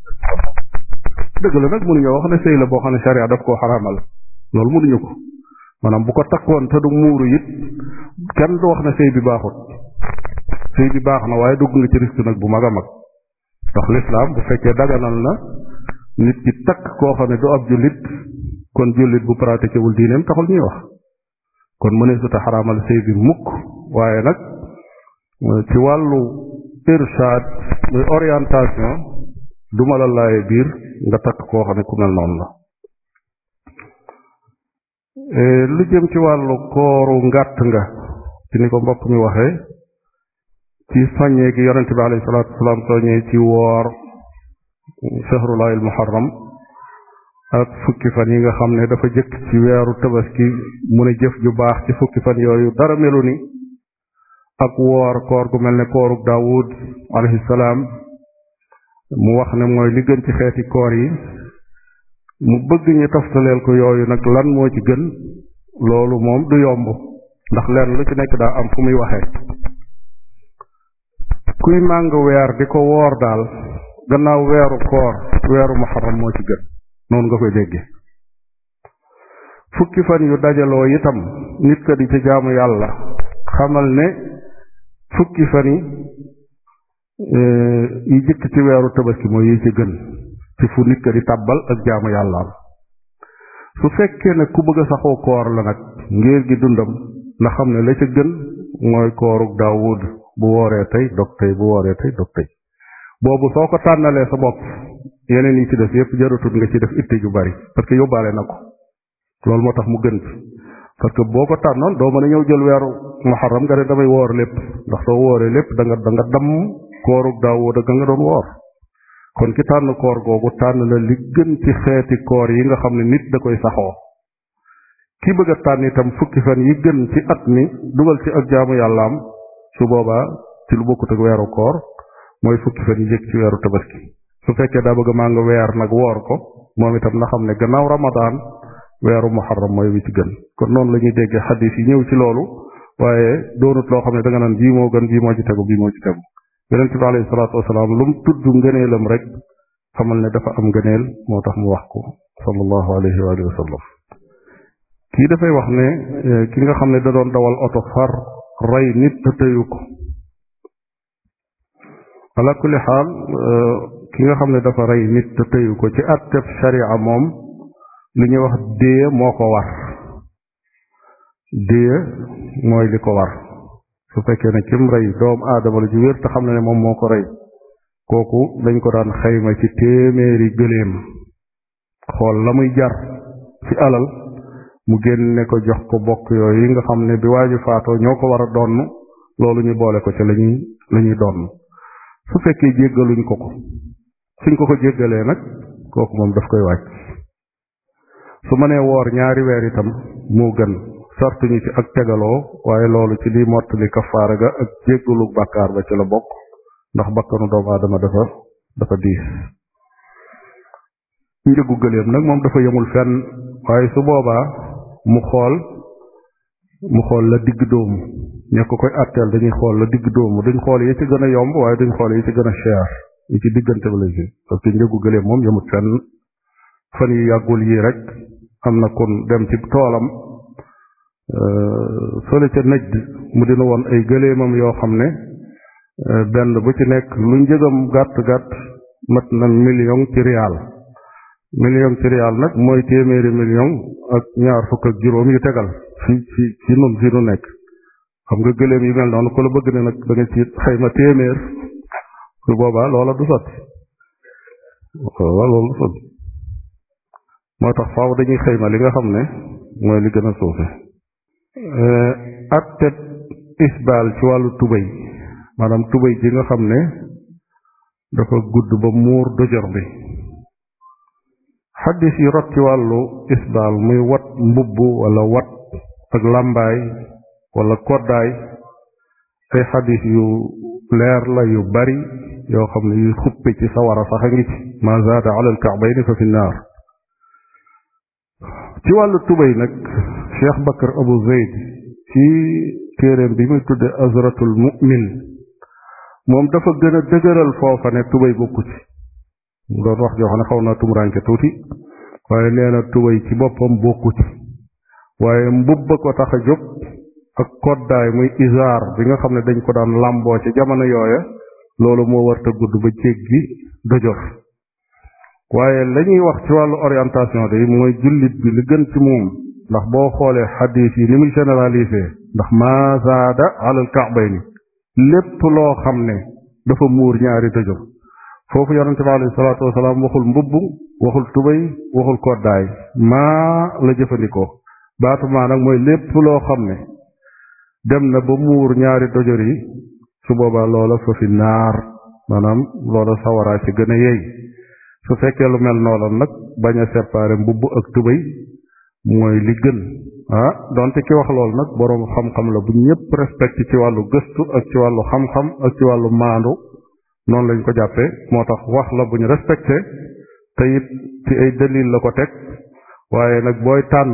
dëgg la nag mënuñoo wax na sëy la boo xam ne charia daf koo xaraamal loolu mënuñu ko maanaam bu ko takkoon te du muuru it kenn du wax na sëy bi baaxut sëy baax na waaye dugg nga ci nag bu mag a mag ndax lislaam bu fekkee daganal na nit ki takk koo xam ne du ab jullit kon jullit bu pratiqué wul diineem taxul ñuy wax kon mëneesuta xaraamal sëy bi mukk waaye nag euh, ci wàllu irshad muy orientation duma la biir nga takk koo xam ne ku mel noonu la euh, lu jëm ci wàllu kooru ngàtt nga ci ni ko mbokk mi waxee ci soññee gi yonente bi alayhi salaatu wasalaam soññee ci woor shahrullahi almuharram ak fukki fan yi nga xam ne dafa jëkk ci weeru tabaski mu ne jëf ju baax ci fukki fan yooyu dara melu ni ak woor koor gu mel ne kooru Daawud alayhi salaam mu wax ne mooy li gën ci xeeti koor yi mu bëgg ñu toftaleel ko yooyu nag lan moo ci gën loolu moom du yomb ndax lenn lu ci nekk daa am fu muy waxee kuy màng weer di ko woor daal gannaaw weeru koor weeru muharram moo ci gën noonu nga ko dégge fukki fan yu dajaloo itam nit ka di ci jaamu yàlla xamal ne fukki fan yi eh, yi jëkk ci weeru tabaski mooy yi ci gën ci fu nit ka di tàbbal ak jaamu yàllaam su fekkee ne ku bëgg a koor la nag ngir gi dundam na xam ne la ca gën mooy kooruk daawud bu wooree tey dog tey bu wooree tey dog tey boobu soo ko tànnalee sa bopp yeneen yi ci def yépp jaratut nga ci def itte yu bari parce que yóbbaale na ko loolu moo tax mu gën ci parce que boo ko tànnoon doo mën a ñëw jël weeru muharram nga damay woor lépp ndax soo wooree lépp danga nga da nga damm koorug da nga doon woor kon ki tànn koor googu tànn la li gën ci xeeti koor yi nga xam ne nit da koy saxoo ki bëgg a tànn itam fukki fan yi gën ci at mi dugal ci ak jaamu yàllaam su boobaa ci lu bokkut weeru koor mooy fukki fan yi njëkk ci weeru tabaski su fekkee daa bëgg maa nga weer nag woor ko moom itam na xam ne gannaaw ramadaan weeru muharram mooy wi ci gën kon noonu la ñuy déggee xadis yi ñëw ci loolu waaye doonut loo xam ne da naan bii moo gën bii bii moo ci tegu yonente bi alayhi salaatu wasalaam lu mu tudd ngëneelam xamal ne dafa am gëneel moo tax mu wax ko sallallahu alayhi wa sallam kii dafay wax ne eh, ki nga xam ne da doon dawal oto far rey nit te tëyu ko ala kulli xaal euh, ki nga xam ne dafa rey nit te tëyu ko ci atteb sharia moom li ñuy wax dée moo ko war dée mooy li ko war su fekkee ne kim rey doomu aadama la ju wér te xam na ne moom moo ko rey kooku dañ ko daan xayma ci téeméeri gëléem xool la muy jar ci alal mu génne ko jox ko bokk yooyu nga xam ne bi waaju faatoo ñoo ko war a donn loolu ñu boole ko ci lañuy lañuy donn su fekkee jéggaluñ ko ko suñ ko ko jéggalee nag kooku moom daf koy wàcc su mënee woor ñaari weer itam mu gën sartuñu ci ak tegaloo waaye loolu ci li mottali kafaara ga ak jéggalu bakkaar ba ci la bokk ndax bakkanu doomu aadama dafa dafa diis njëgu gëléem nag moom dafa yemul fenn waaye su boobaa mu xool mu xool la digg dóomu ña ko koy atteel dañuy xool la digg dóomu duñ xool yi ci gën a yomb waaye duñ xool yi ci gën a cher yi ci diggante ba lañ parce que njëgu gëléem moom yëmut fenn fan yu yàggul yii rek am na kon dem ci toolam euh, fële ca Najd mu dina woon ay gëléemam yoo xam ne euh, benn bu ci nekk lu njëgam gàtt gàtt mat na million ci riyaal million céréale nag mooy téeméeri million ak ñaar fukk ak juróom yu tegal fi ci nun fi nu nekk xam nga gëléem yu mel noonu ku la bëgg ne nag da nga ci xayma téeméer su boobaa loolu du sotti moo tax faaw dañuy xëyma li nga xam ne mooy li gën a suufe eh, at teb isbaal ci wàllu tubay maanaam tubay ji nga xam ne dafa gudd ba muur dojor bi xaddis yi rot ci wàllu isbaal muy wat mbubb wala wat ak làmbaay wala koddaay ay xaddis yu leer la yu bari yoo xam ne yu xuppe ci sawara sax a ngi ci ma zaada ala alkaabayni fa fi naar ci wàllu tubay nag cheikh bakar abu zeyd ci téeréem bi muy tudde azratul mu'min moom dafa gën a dëgëral foofa ne tubay bokku ci mu doon wax joo xaw naa tumuraanke tuuti waaye nee na ci boppam bokku ci waaye mbubb ko tax a jóg ak koddaay muy isaar bi nga xam ne dañ ko daan làmboo ci jamono yooya loolu moo warta gudd ba jéggi dojor waaye lañuy wax ci wàllu orientation de mooy jullit bi li gën ci moom ndax boo xoolee xadiis yi ni muy généralisé ndax ma zaada alal kaabayni lépp loo xam ne dafa muur ñaari dojor foofu yonente bi alayhi salaatu wasalaam waxul mbubb waxul tubay waxul koddaay maa la jëfandikoo baatu maa nag mooy lépp loo xam ne dem na ba muur ñaari dojor yi su boobaa loola fa fi naar maanaam loola sawaraa ci gën a yeey su fekkee lu mel noonu nag bañ a séparer mbubb ak tubay mooy li gën ah donte ki wax loolu nag boroom xam-xam la bu ñépp respecté ci wàllu gëstu ak ci wàllu xam-xam ak ci wàllu maandu noonu lañ ko jàppee moo tax wax la bu ñu respecté te ay dalil la ko teg waaye nag booy tànn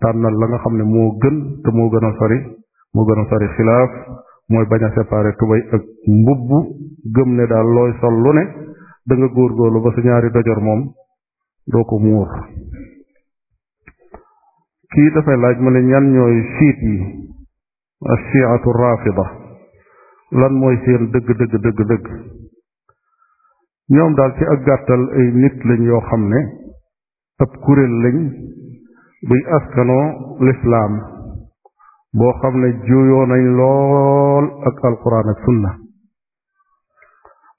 tànnal la nga xam ne moo gën te moo gën a sori moo gën a sori xilaaf mooy bañ a séparé tubay ak mbubb gëm ne daal looy sol lu ne da nga góorgóorlu ba sa ñaari dojor moom doo ko muur kii dafay laaj ma ne ñan ñooy siit yi ashiatu rafida lan mooy seen dëgg dëgg dëgg dëgg ñoom daal ci ak gàttal ay nit lañ yoo xam ne ab kuréel lañ buy askanoo lislaam boo xam ne juyoo nañ lool ak alquran ak sunna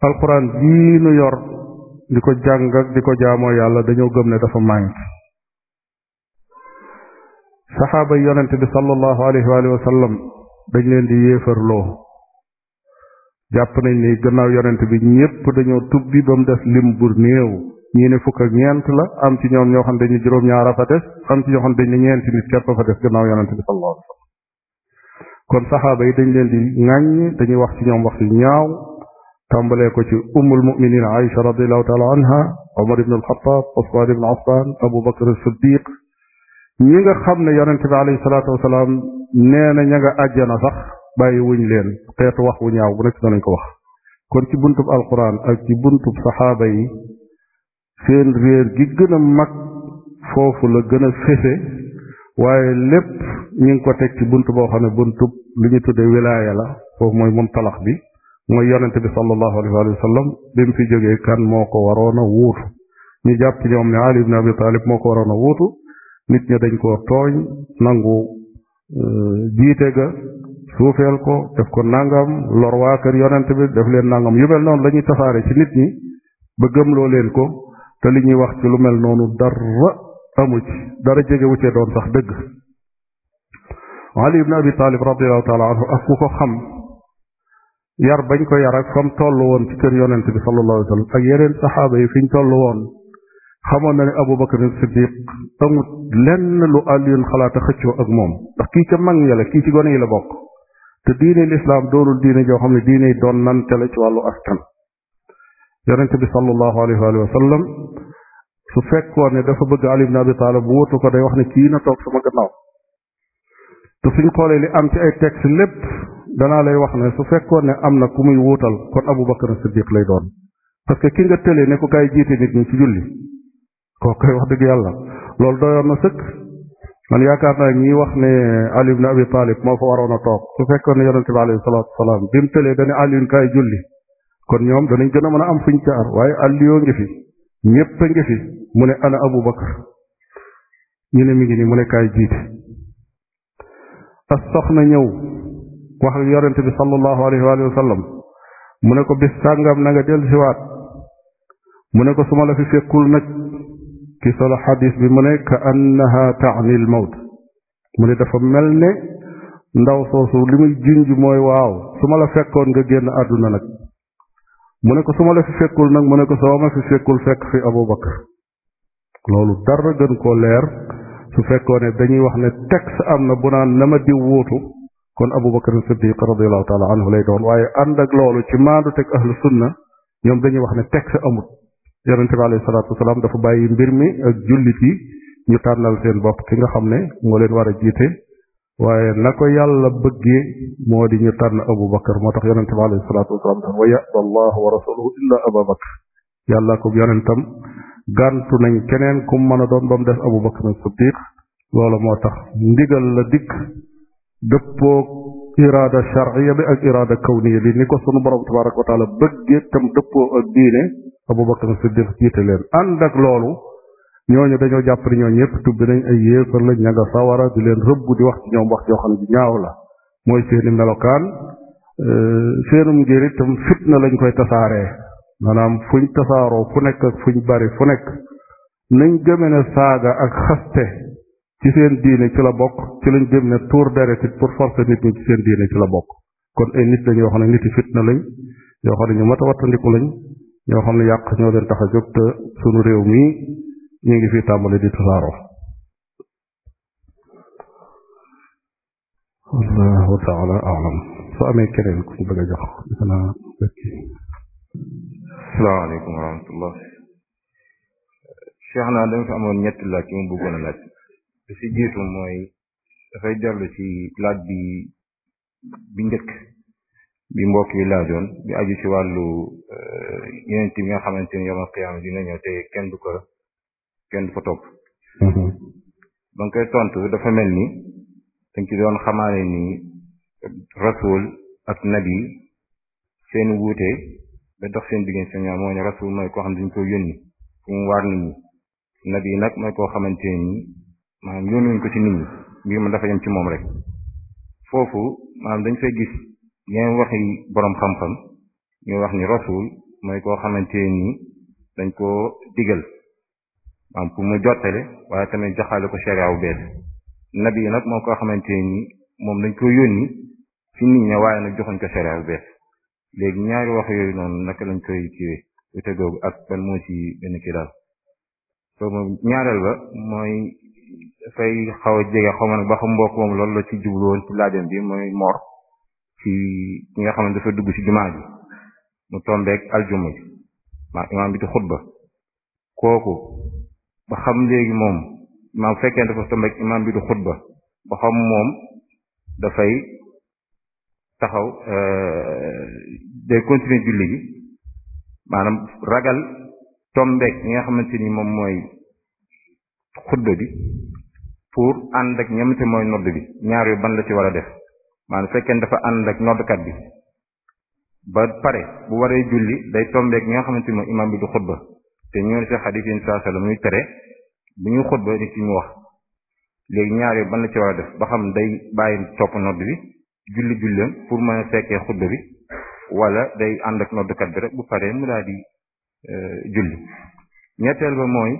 alquran bii yor di ko jàng ak di ko jaamoo yàlla dañoo gëm ne dafa manqué saxaaba yonente bi sallallahu alayhi wa dañ leen di yéefarloo jàpp nañ ni gannaaw yonent bi ñépp dañoo tubbi ba mu des lim bu néew ñii ne fukk ak ñeent la am ci ñoom ñoo xam dañu juróom-ñaar a fa des am ci ñoo xam dañ ne ñeenti nit képp fa des gannaaw yonent bi sallallahu alayhi kon saxaaba yi dañ leen di ŋàññ dañuy wax ci ñoom wax ci ñaaw tàmbalee ko ci ummul mu'minin Aïcha radiyallahu ta'ala anha Omar ibn al-Khattab Usman ibn Affan Abu Bakr as-Siddiq ñi nga xam ne yonent bi alayhi salaatu wasalaam nee na ña nga àjjana sax bàyyi wuñ leen xeetu wax wu ñaaw bu nekk danañ ko wax kon ci buntub alquran ak ci buntub saxaaba yi seen réer gi gën mag foofu la gën a waaye lépp ñu ngi ko teg ci bunt boo xam ne buntub li ñu tuddee wilaaya la foofu mooy mumtalax bi mooy yonente bi sallallahu alayhi wa sallam bi mu fi jógee kan moo ko waroon wuutu ñu jàpp ñoom ne Ali ibn Abi moo ko waroon wuutu nit ña dañ koo tooñ nangu euh, jiite ga suufeel ko def ko nangam lor waa kër yonent bi def leen nangam yu mel noonu la ñuy tasaare ci nit ñi ba gëmloo leen ko te li ñuy wax ci lu mel noonu dara amu ci dara jegewu cee doon sax dëgg Ali ibn Abi Talib radiallahu taala anhu ak ku ko xam yar bañ ko yar ak fam toll woon ci kër yonent bi ak yeneen saxaaba yi fiñ toll woon xamoon na ni Abu Bakr Siddiq amut lenn lu Aliyun xalaata xëccoo ak moom ndax kii ca mag ña la kii ci gone yi la bokk te diine lislaam doonul diine joo xam ne diine doon nante la ci wàllu askan yonente bi sallallahu alayhi wa sallam su fekkoon ne dafa bëgg Ali ibn Abi Talib wuutu ko day wax ne kii na toog sama gannaaw te suñ xoolee li am ci ay texte lépp danaa lay wax ne su fekkoon ne am na ku muy wuutal kon Abu Bakar Siddiq lay doon parce que ki nga tëlee ne ko kay jiite nit ñi ci julli koo wax dëgg yàlla loolu doyoon na sëkk man yaakaar naa ñi wax ne Ali ibn Abi moo fa waroon a toog su fekkoon ne yonente bi alayhi salaatu wasalaam bi mu tëlee dañu Alioune kaay julli kon ñoom danañ gën a mën a am fuñ jaar waaye Alio ngi fi ñépp ngi fi mu ne ana Abu Bakar ñu ne mi ngi ni mu ne kaay jiite as soxna ñëw wax ak yonente bi sallallahu alayhi wa sallam mu ne ko bis sàngam na nga dellusiwaat mu ne ko su ma la fi fekkul nag ki solo xadis bi mu ne ka annaha taani l mu ne dafa mel ne ndaw soosu li muy junj mooy waaw su ma la fekkoon nga génn àdduna nag mu ne ko su ma la fi fekkul nag mu ne ko soo ma fi fekkul fekk fi Abubakar loolu dara gën koo leer su fekkoo ne dañuy wax ne teg texte am na bu naan na ma kon wuutu kon Abubakar Siddiq radiallahu taala anhu lay doon waaye ànd ak loolu ci maandu teg ahlu sunna ñoom dañuy wax ne teg texte amut yonente bi alayhi dafa bàyyi mbir mi ak jullit yi ñu tànnal seen bopp ki nga xam ne moo leen war a jiite waaye na ko yàlla bëggee moo di ñu tànn abu bakar moo tax yonente bi wa yaba allah wa rasuluhu illa abu bakar yàlla ko yonentam gàntu nañ keneen ku mën a doon ba mu des abu bakar as siddiq loolu moo tax ndigal la dikk dëppook iraada sharciya bi ak iraada kawniya bi ni ko sunu borom tabaraka wa taala bëggee tam dëppoo ak diine Abubakar Siddiq jiite leen ànd ak loolu ñooñu dañoo jàpp ne ñooñu ñëpp tubbi nañ ay yéefar la ña nga sawara di leen rëbb di wax ci ñoom wax joo xam ne ñaaw la mooy seeni melokaan euh, seenum ngir itam fitna lañ koy tasaaree maanaam fuñ tasaaroo fu nekk fu ñu bari fu nekk nañ gëme ne saaga ak xaste ci seen diine ci la bokk ci lañ gëm ne tuur deret it pour forcer nit ñi ci seen diine ci la bokk kon ay nit lañ yoo xam ne niti fitna lañ yoo xam ne ñu mat wattandiku lañ ñoo xam ne yàq ñoo leen tax a jóg te ngi fi tàmbali di tasaaroo allahu taala alam soo amee keneen ku ñu bëgg a jox defe naa bekki asalaamaaleykum wa rahmatullah cheikh naa dama fi amoon ñetti laaj yi mu bëggoon a laaj bi si jiitu mooy dafay dellu ci laaj bi bi njëkk bi mbokk yi laajoon bi aju ci wàllu eh, yonent bi nga xamante ni yawmal qiyaama dina ñëw te kenn du ko kenn du ko topp. Mm-hmm. ba nga tontu dafa mel ni dañ ki doon xamaale ni rasul ak nabi seen wuute da dox seen diggante seen ñaar moo ne rasul mooy koo xam ne dañ ko yónni fu mu waar nit ñi nabi nag mooy koo xamante ni maanaam yónnuñ ko ci nit mbir ma dafa yem ci moom rek foofu maanaam dañ fay gis. yeneen waxi borom xam-xam ñu wax ni rasul mooy koo xamante ni dañ koo digal maam pour mu jottale waaye tamit joxaale ko sharia bu bees nabi nag moo koo xamante ni moom dañ ko yónni nag joxuñ ko sharia bu bees léegi ñaari lañ koy kiwee ute googu ak moo ci benn ki daal so moom ñaareel ba mooy dafay xaw a jege xaw ma nag ba xam mbokk moom loolu la ci jublu woon ci laajam bi mooy mor ci ñi nga xam ne dafa dugg ci jumaa ji mu tombeeg aljuma ji maa imaam bi di xutba kooku ba xam léegi moom imaam fekkee dafa tombeeg imaam bi di xutba ba xam moom dafay taxaw euh, day continuer julli gi maanaam ragal tombeeg ñi nga xamante ni moom mooy xutba bi pour ànd ak ñamte mooy nodd bi ñaar yu ban la ci war def ni fekkee dafa ànd ak noddkat bi ba pare bu waree julli day tombeek ñi nga xamante ni mooy imaam bi du xutba te ñoon si xadis yi saa sallam muy tere bu ñuy xutba ni ñu wax léegi ñaar yooyu ban la ci war a def ba xam day bàyyi topp nodd bi julli julleem pour mën a fekkee xutba bi wala day ànd ak noddkat bi rek bu paree mu daal di euh, julli ñetteel ba mooy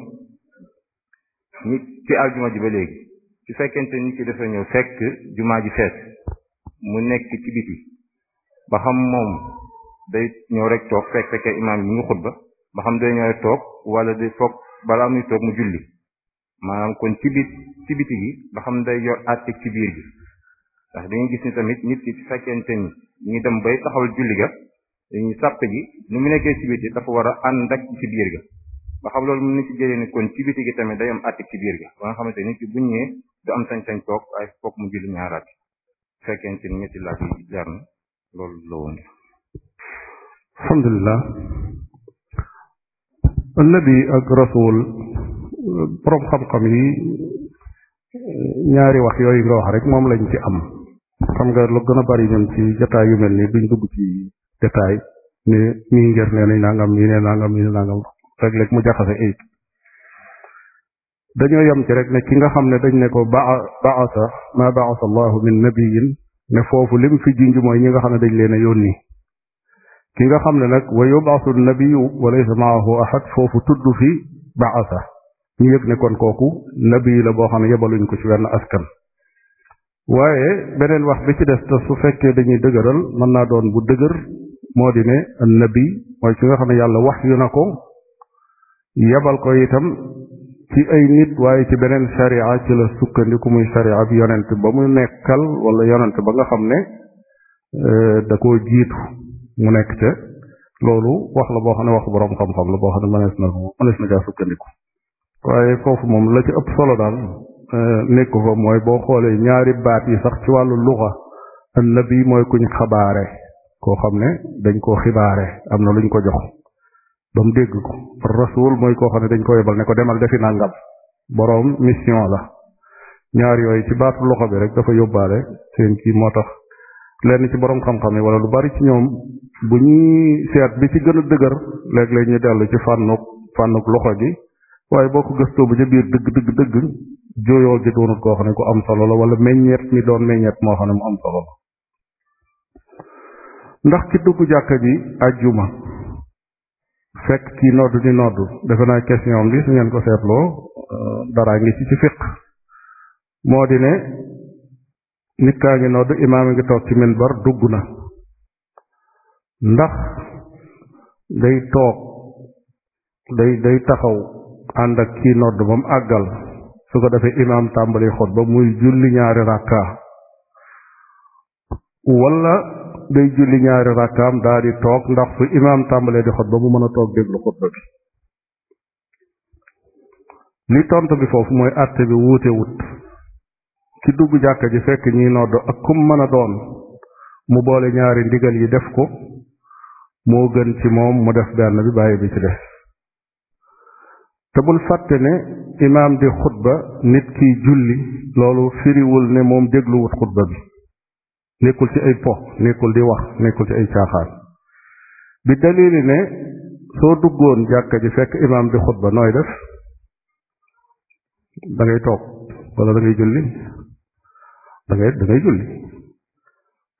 ñi ci aljuma ji ba léegi su fekkente nit ki dafa ñëw fekk jumaa ji fees mu nekk ci biti ba xam moom day ñëw rek toog fekk fekk imaam yi mu ngi xutba ba xam day ñëw rek toog wala day foog balaa muy toog mu julli maanaam kon ci bit biti gi ba xam day yor àtteeg ci biir gi gis ni tamit nit ki ci fekkente ni ñu dem bay taxawal julli ga dañuy sàpp gi nu mu nekkee ci war a ànd ak ci biir ga ba xam loolu mën na ci jëlee ni kon ci biti gi tamit day am àtteeg ci biir ga ba nga xamante nit ki bu ñëwee du am sañ-sañ toog ay mu julli ñaaraat fekkente ni ñetti laaj yi jaar na loolu la woon alhamdulilah nabi ak rasul borom xam-xam yi ñaari wax yooyu nga wax rek moom lañ ci am xam nga lu gën a bari ñun ci jataay yu mel ni duñ dugg ci jataay ne mii ngir nee nañ nangam yi ne nangam yi ne nangam rek léeg mu jaxase ayib dañoo yem ci rek ne ki nga xam ne dañ ne ko baa baasa maa baasa allahu min nabiyin ne foofu lim fi junj mooy ñi nga xam ne dañ leen a nii ki nga xam ne nag wa yubaasu nabiyu wa laysa maahu ahad foofu tudd fi baasa ñu yëg ne kon kooku la boo xam ne yebaluñ ko ci wenn askan waaye beneen wax bi ci des te su fekkee dañuy dëgëral mën naa doon bu dëgër moo di ne nabi mooy ki nga xam ne yàlla wax yu na ko yebal ko itam ci ay nit waaye ci beneen sharia ci la sukkandiku muy sharia bi yonent ba mu nekkal wala yonent ba nga xam ne euh, da koo jiitu mu nekk ca loolu wax la boo xam ne wax boroom xam-xam la boo xam ne mënees na mënees na gaa sukkandiku waaye foofu moom la ci ëpp solo daal euh, nekku ko mooy boo xoolee ñaari baat yi sax ci wàllu luxa annabi mooy kuñ xabaare koo xam ne dañ koo xibaare am na luñ ko jox ba mu dégg ko rasul mooy koo xam ne dañ ko yebal ne ko demal defi nàngam boroom mission la ñaar yooyu ci baatu loxo bi rek dafa yóbbaale seen kii moo tax lenn ci boroom xam-xam yi wala lu bari ci ñoom bu ñuy seet bi ci gën a dëgër léeg-léeg ñu dellu ci fànnuk loxo gi waaye boo ko gëstoo bu ca biir dëgg dëgg dëgg jooyoo gi doonut koo xam ne ku am solo la wala meññeet mi doon meññeet moo xam ne mu am solo la ndax ki dugg jàkka ji ajjuma fekk ci noddu di noddu defe naa question bi su ngeen ko seetloo euh, daraa ngi ci ci fiq moo di ne nit kaa ngi noddu imaam a ngi toog ci minbar dugg na ndax day toog day day taxaw ànd ak kii nodd ba mu àggal su ko defee imaam tàmbali xutba muy julli ñaari rakka walla day julli ñaari rakkaam daa di toog ndax su imaam tàmbalee di xutba mu mën a toog déglu xutba bi li tontu bi foofu mooy àtte bi wuute wut ki dugg jàkka ji fekk ñiy nodd ak kum mën a doon mu boole ñaari ndigal yi def ko moo gën ci moom mu def benn bi bàyyi bi ci des te fàtte ne imaam di xutba nit kiy julli loolu firiwul ne moom dégluwut xutba bi nekkul ci ay po nekkul di wax nekkul ci ay caaxaan bi dalili ne soo duggoon jàkka ji fekk imaam di xutba nooy def da ngay toog wala da ngay julli da ngay da ngay julli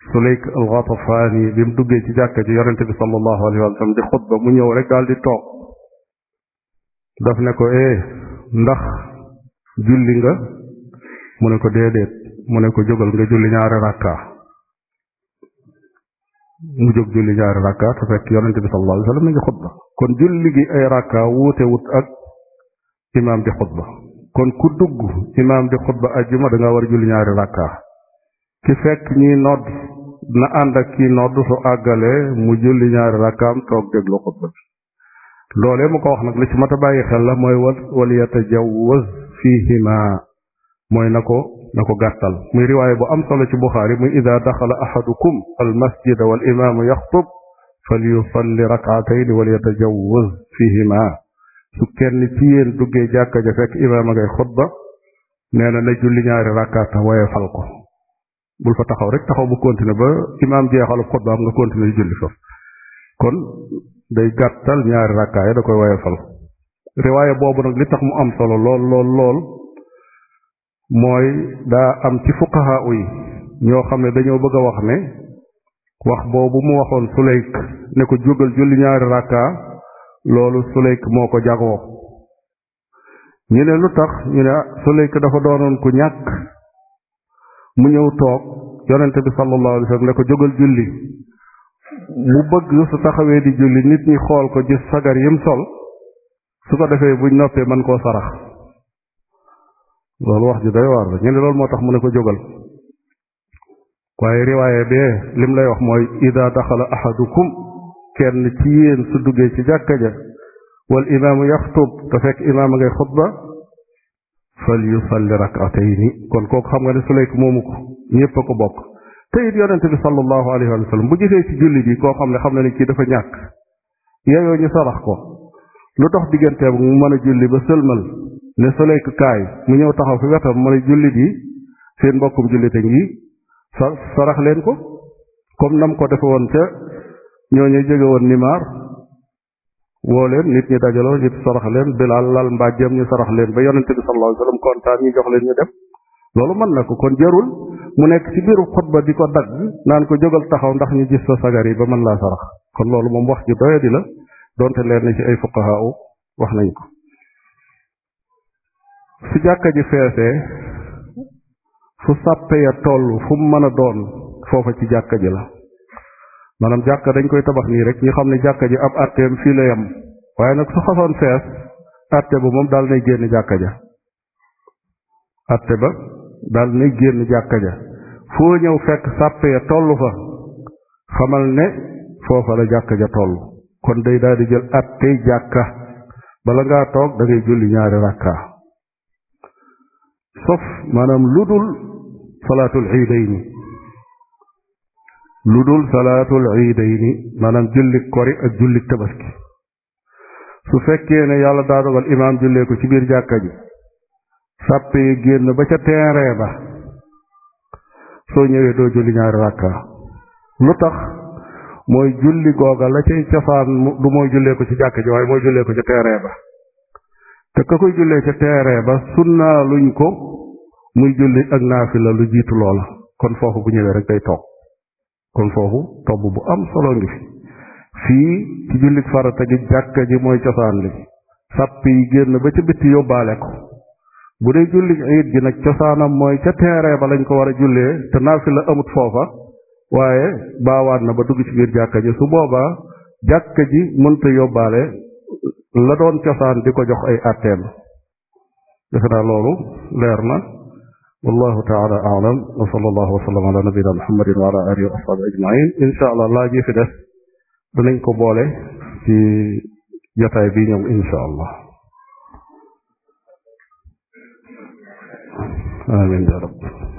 Sulayk bi mu duggee ci jàkka ji yonente bi sallallahu alayhi di xutba mu ñëw rek daal di toog daf ne ko eh ndax julli nga mu ne ko déedéet mu ne ko jógal nga julli ñaari rakka mu jóg julli ñaari rakka te fekk yonente bi sallallahu alayhi wa sallam mi ngi xutba kon julli gi ay rakka wuute wut ak imaam di xutba kon ku dugg imaam di xutba ajjuma da war a julli ñaari rakka ki fekk ñi nodd na ànd ak ki nodd su àggalee mu julli ñaari rakkaam toog déglu xutba bi loolee mu ko wax nag li ci mat a bàyyi xel la mooy wal wal yatajawwaz fiihima mooy na ko na ko gàttal muy riwaaya bu am solo ci buxaari muy ida daxala ahadukum al masjida wal imaamu yaxtub falyusalli rakaatayni wal yatajawaz fihima su kenn ci yéen duggee jàkka ja fekk imaam a ngay xutba nee na na julli ñaari rakaata waaye fal ko bul fa taxaw rek taxaw bu continuer ba imaam jeexalu xutba am nga continuer di julli foofu kon day gàttal ñaari rakkaaya da koy waaye fal riwaaya boobu nag li tax mu am solo lool lool lool mooy daa am ci fuqaha yi ñoo xam ne dañoo bëgg a wax ne wax boobu mu waxoon Sulayk ne ko jógal julli ñaari rakka loolu Sulayk moo ko jagoo ñu ne lu tax ñu ne ah, Sulayk dafa doonoon ku ñàkk mu ñëw toog yonente bi sallallahu alayhi wa sallam ne ko jógal julli mu bëgg su taxawee di julli nit ñi xool ko gis sagar yim sol su ko defee buñ noppee mën koo sarax loolu wax ju doy waar la ñu loolu moo tax mu ne ko jógal waaye riwaaye bee lim lay wax mooy ida daxala ahadukum kenn ci yéen su duggee ci jàkka ja wal imaamu yaxtub te fekk imaam a ngay xutba fal yusalli rakatayni kon kooku xam nga ne su moomu ko ñépp a ko bokk te it yonente bi sallallahu alayhi wa bu gisee ci julli bi koo xam ne xam na ni kii dafa ñàkk yeeyoo ñu sarax ko lu tax digganteem mu mën a julli ba sëlmal ne soleil kaay mu ñëw taxaw fi wetam mu ne jullit yi seen mbokkum jullite ngi sa sarax leen ko comme nam ko defe woon ca ñooñu jege woon nimaar woo leen nit ñi dajaloo ñu sarax leen bilaal lal mbàjjam ñu sarax leen ba yonente bi sallallahu alayhi wasallam kontaan ñu jox leen ñu dem loolu mën na ko kon jarul mu nekk ci biiru xutba di naan ko jógal taxaw ndax ñu gis sa sagar yi ba mën laa sarax kon loolu moom wax ju doyadi la donte leen na ci ay fuqahaa wax nañ ko su jàkka ji feesee fu sàppe ya toll fu mën a doon foofa ci jàkka ji la maanaam jàkka dañ koy tabax nii rek ñu xam ne jàkka ji ab atteem fii la yem waaye nag su xasoon fees atte ba moom daal nay génn jàkka ja atte ba daal nay génn jàkka ja foo ñëw fekk sàppe ya toll fa xamal ne foofa la jàkka ja toll kon day daal di jël attey jàkka bala ngaa toog da ngay ñaari rakka sauf maanaam lu dul salaatul iidayni lu dul salaatul iidayni maanaam julli kori ak julli tabaski su fekkee ne yàlla daa dogal imaam jullee ko ci biir jàkka ji sàppe yi génn ba ca terrain ba soo ñëwee doo julli ñaari ràkka lu tax mooy julli googa la cay cosaan du mooy jullee ko ci jàkka ji waaye mooy jullee ko ci terrain ba te ko koy jullee ca teeree ba sunnaa luñ ko muy julli ak la lu jiitu loola kon foofu bu ñëwee rek day toog kon foofu tobb bu am solo ngi fi fii ci jullit farata gi jàkka ji mooy cosaan li sàpp yi génn ba ca bitti yóbbaale ko bu dee julli ayit gi nag cosaanam mooy ca teeree ba lañ ko war a jullee te la amut foofa waaye baawaan na ba dugg ci biir jàkka ji su boobaa jàkka ji mënta yóbbaale la doon cosaan di ko jox ay atteem defe naa loolu leer na wallahu taala alam wa sallallahu wa sallam ala nabina muhammadin wa ala alihi wa ashabi ajmain insha allah laaj yi fi des danañ ko boole ci jotaay amin ya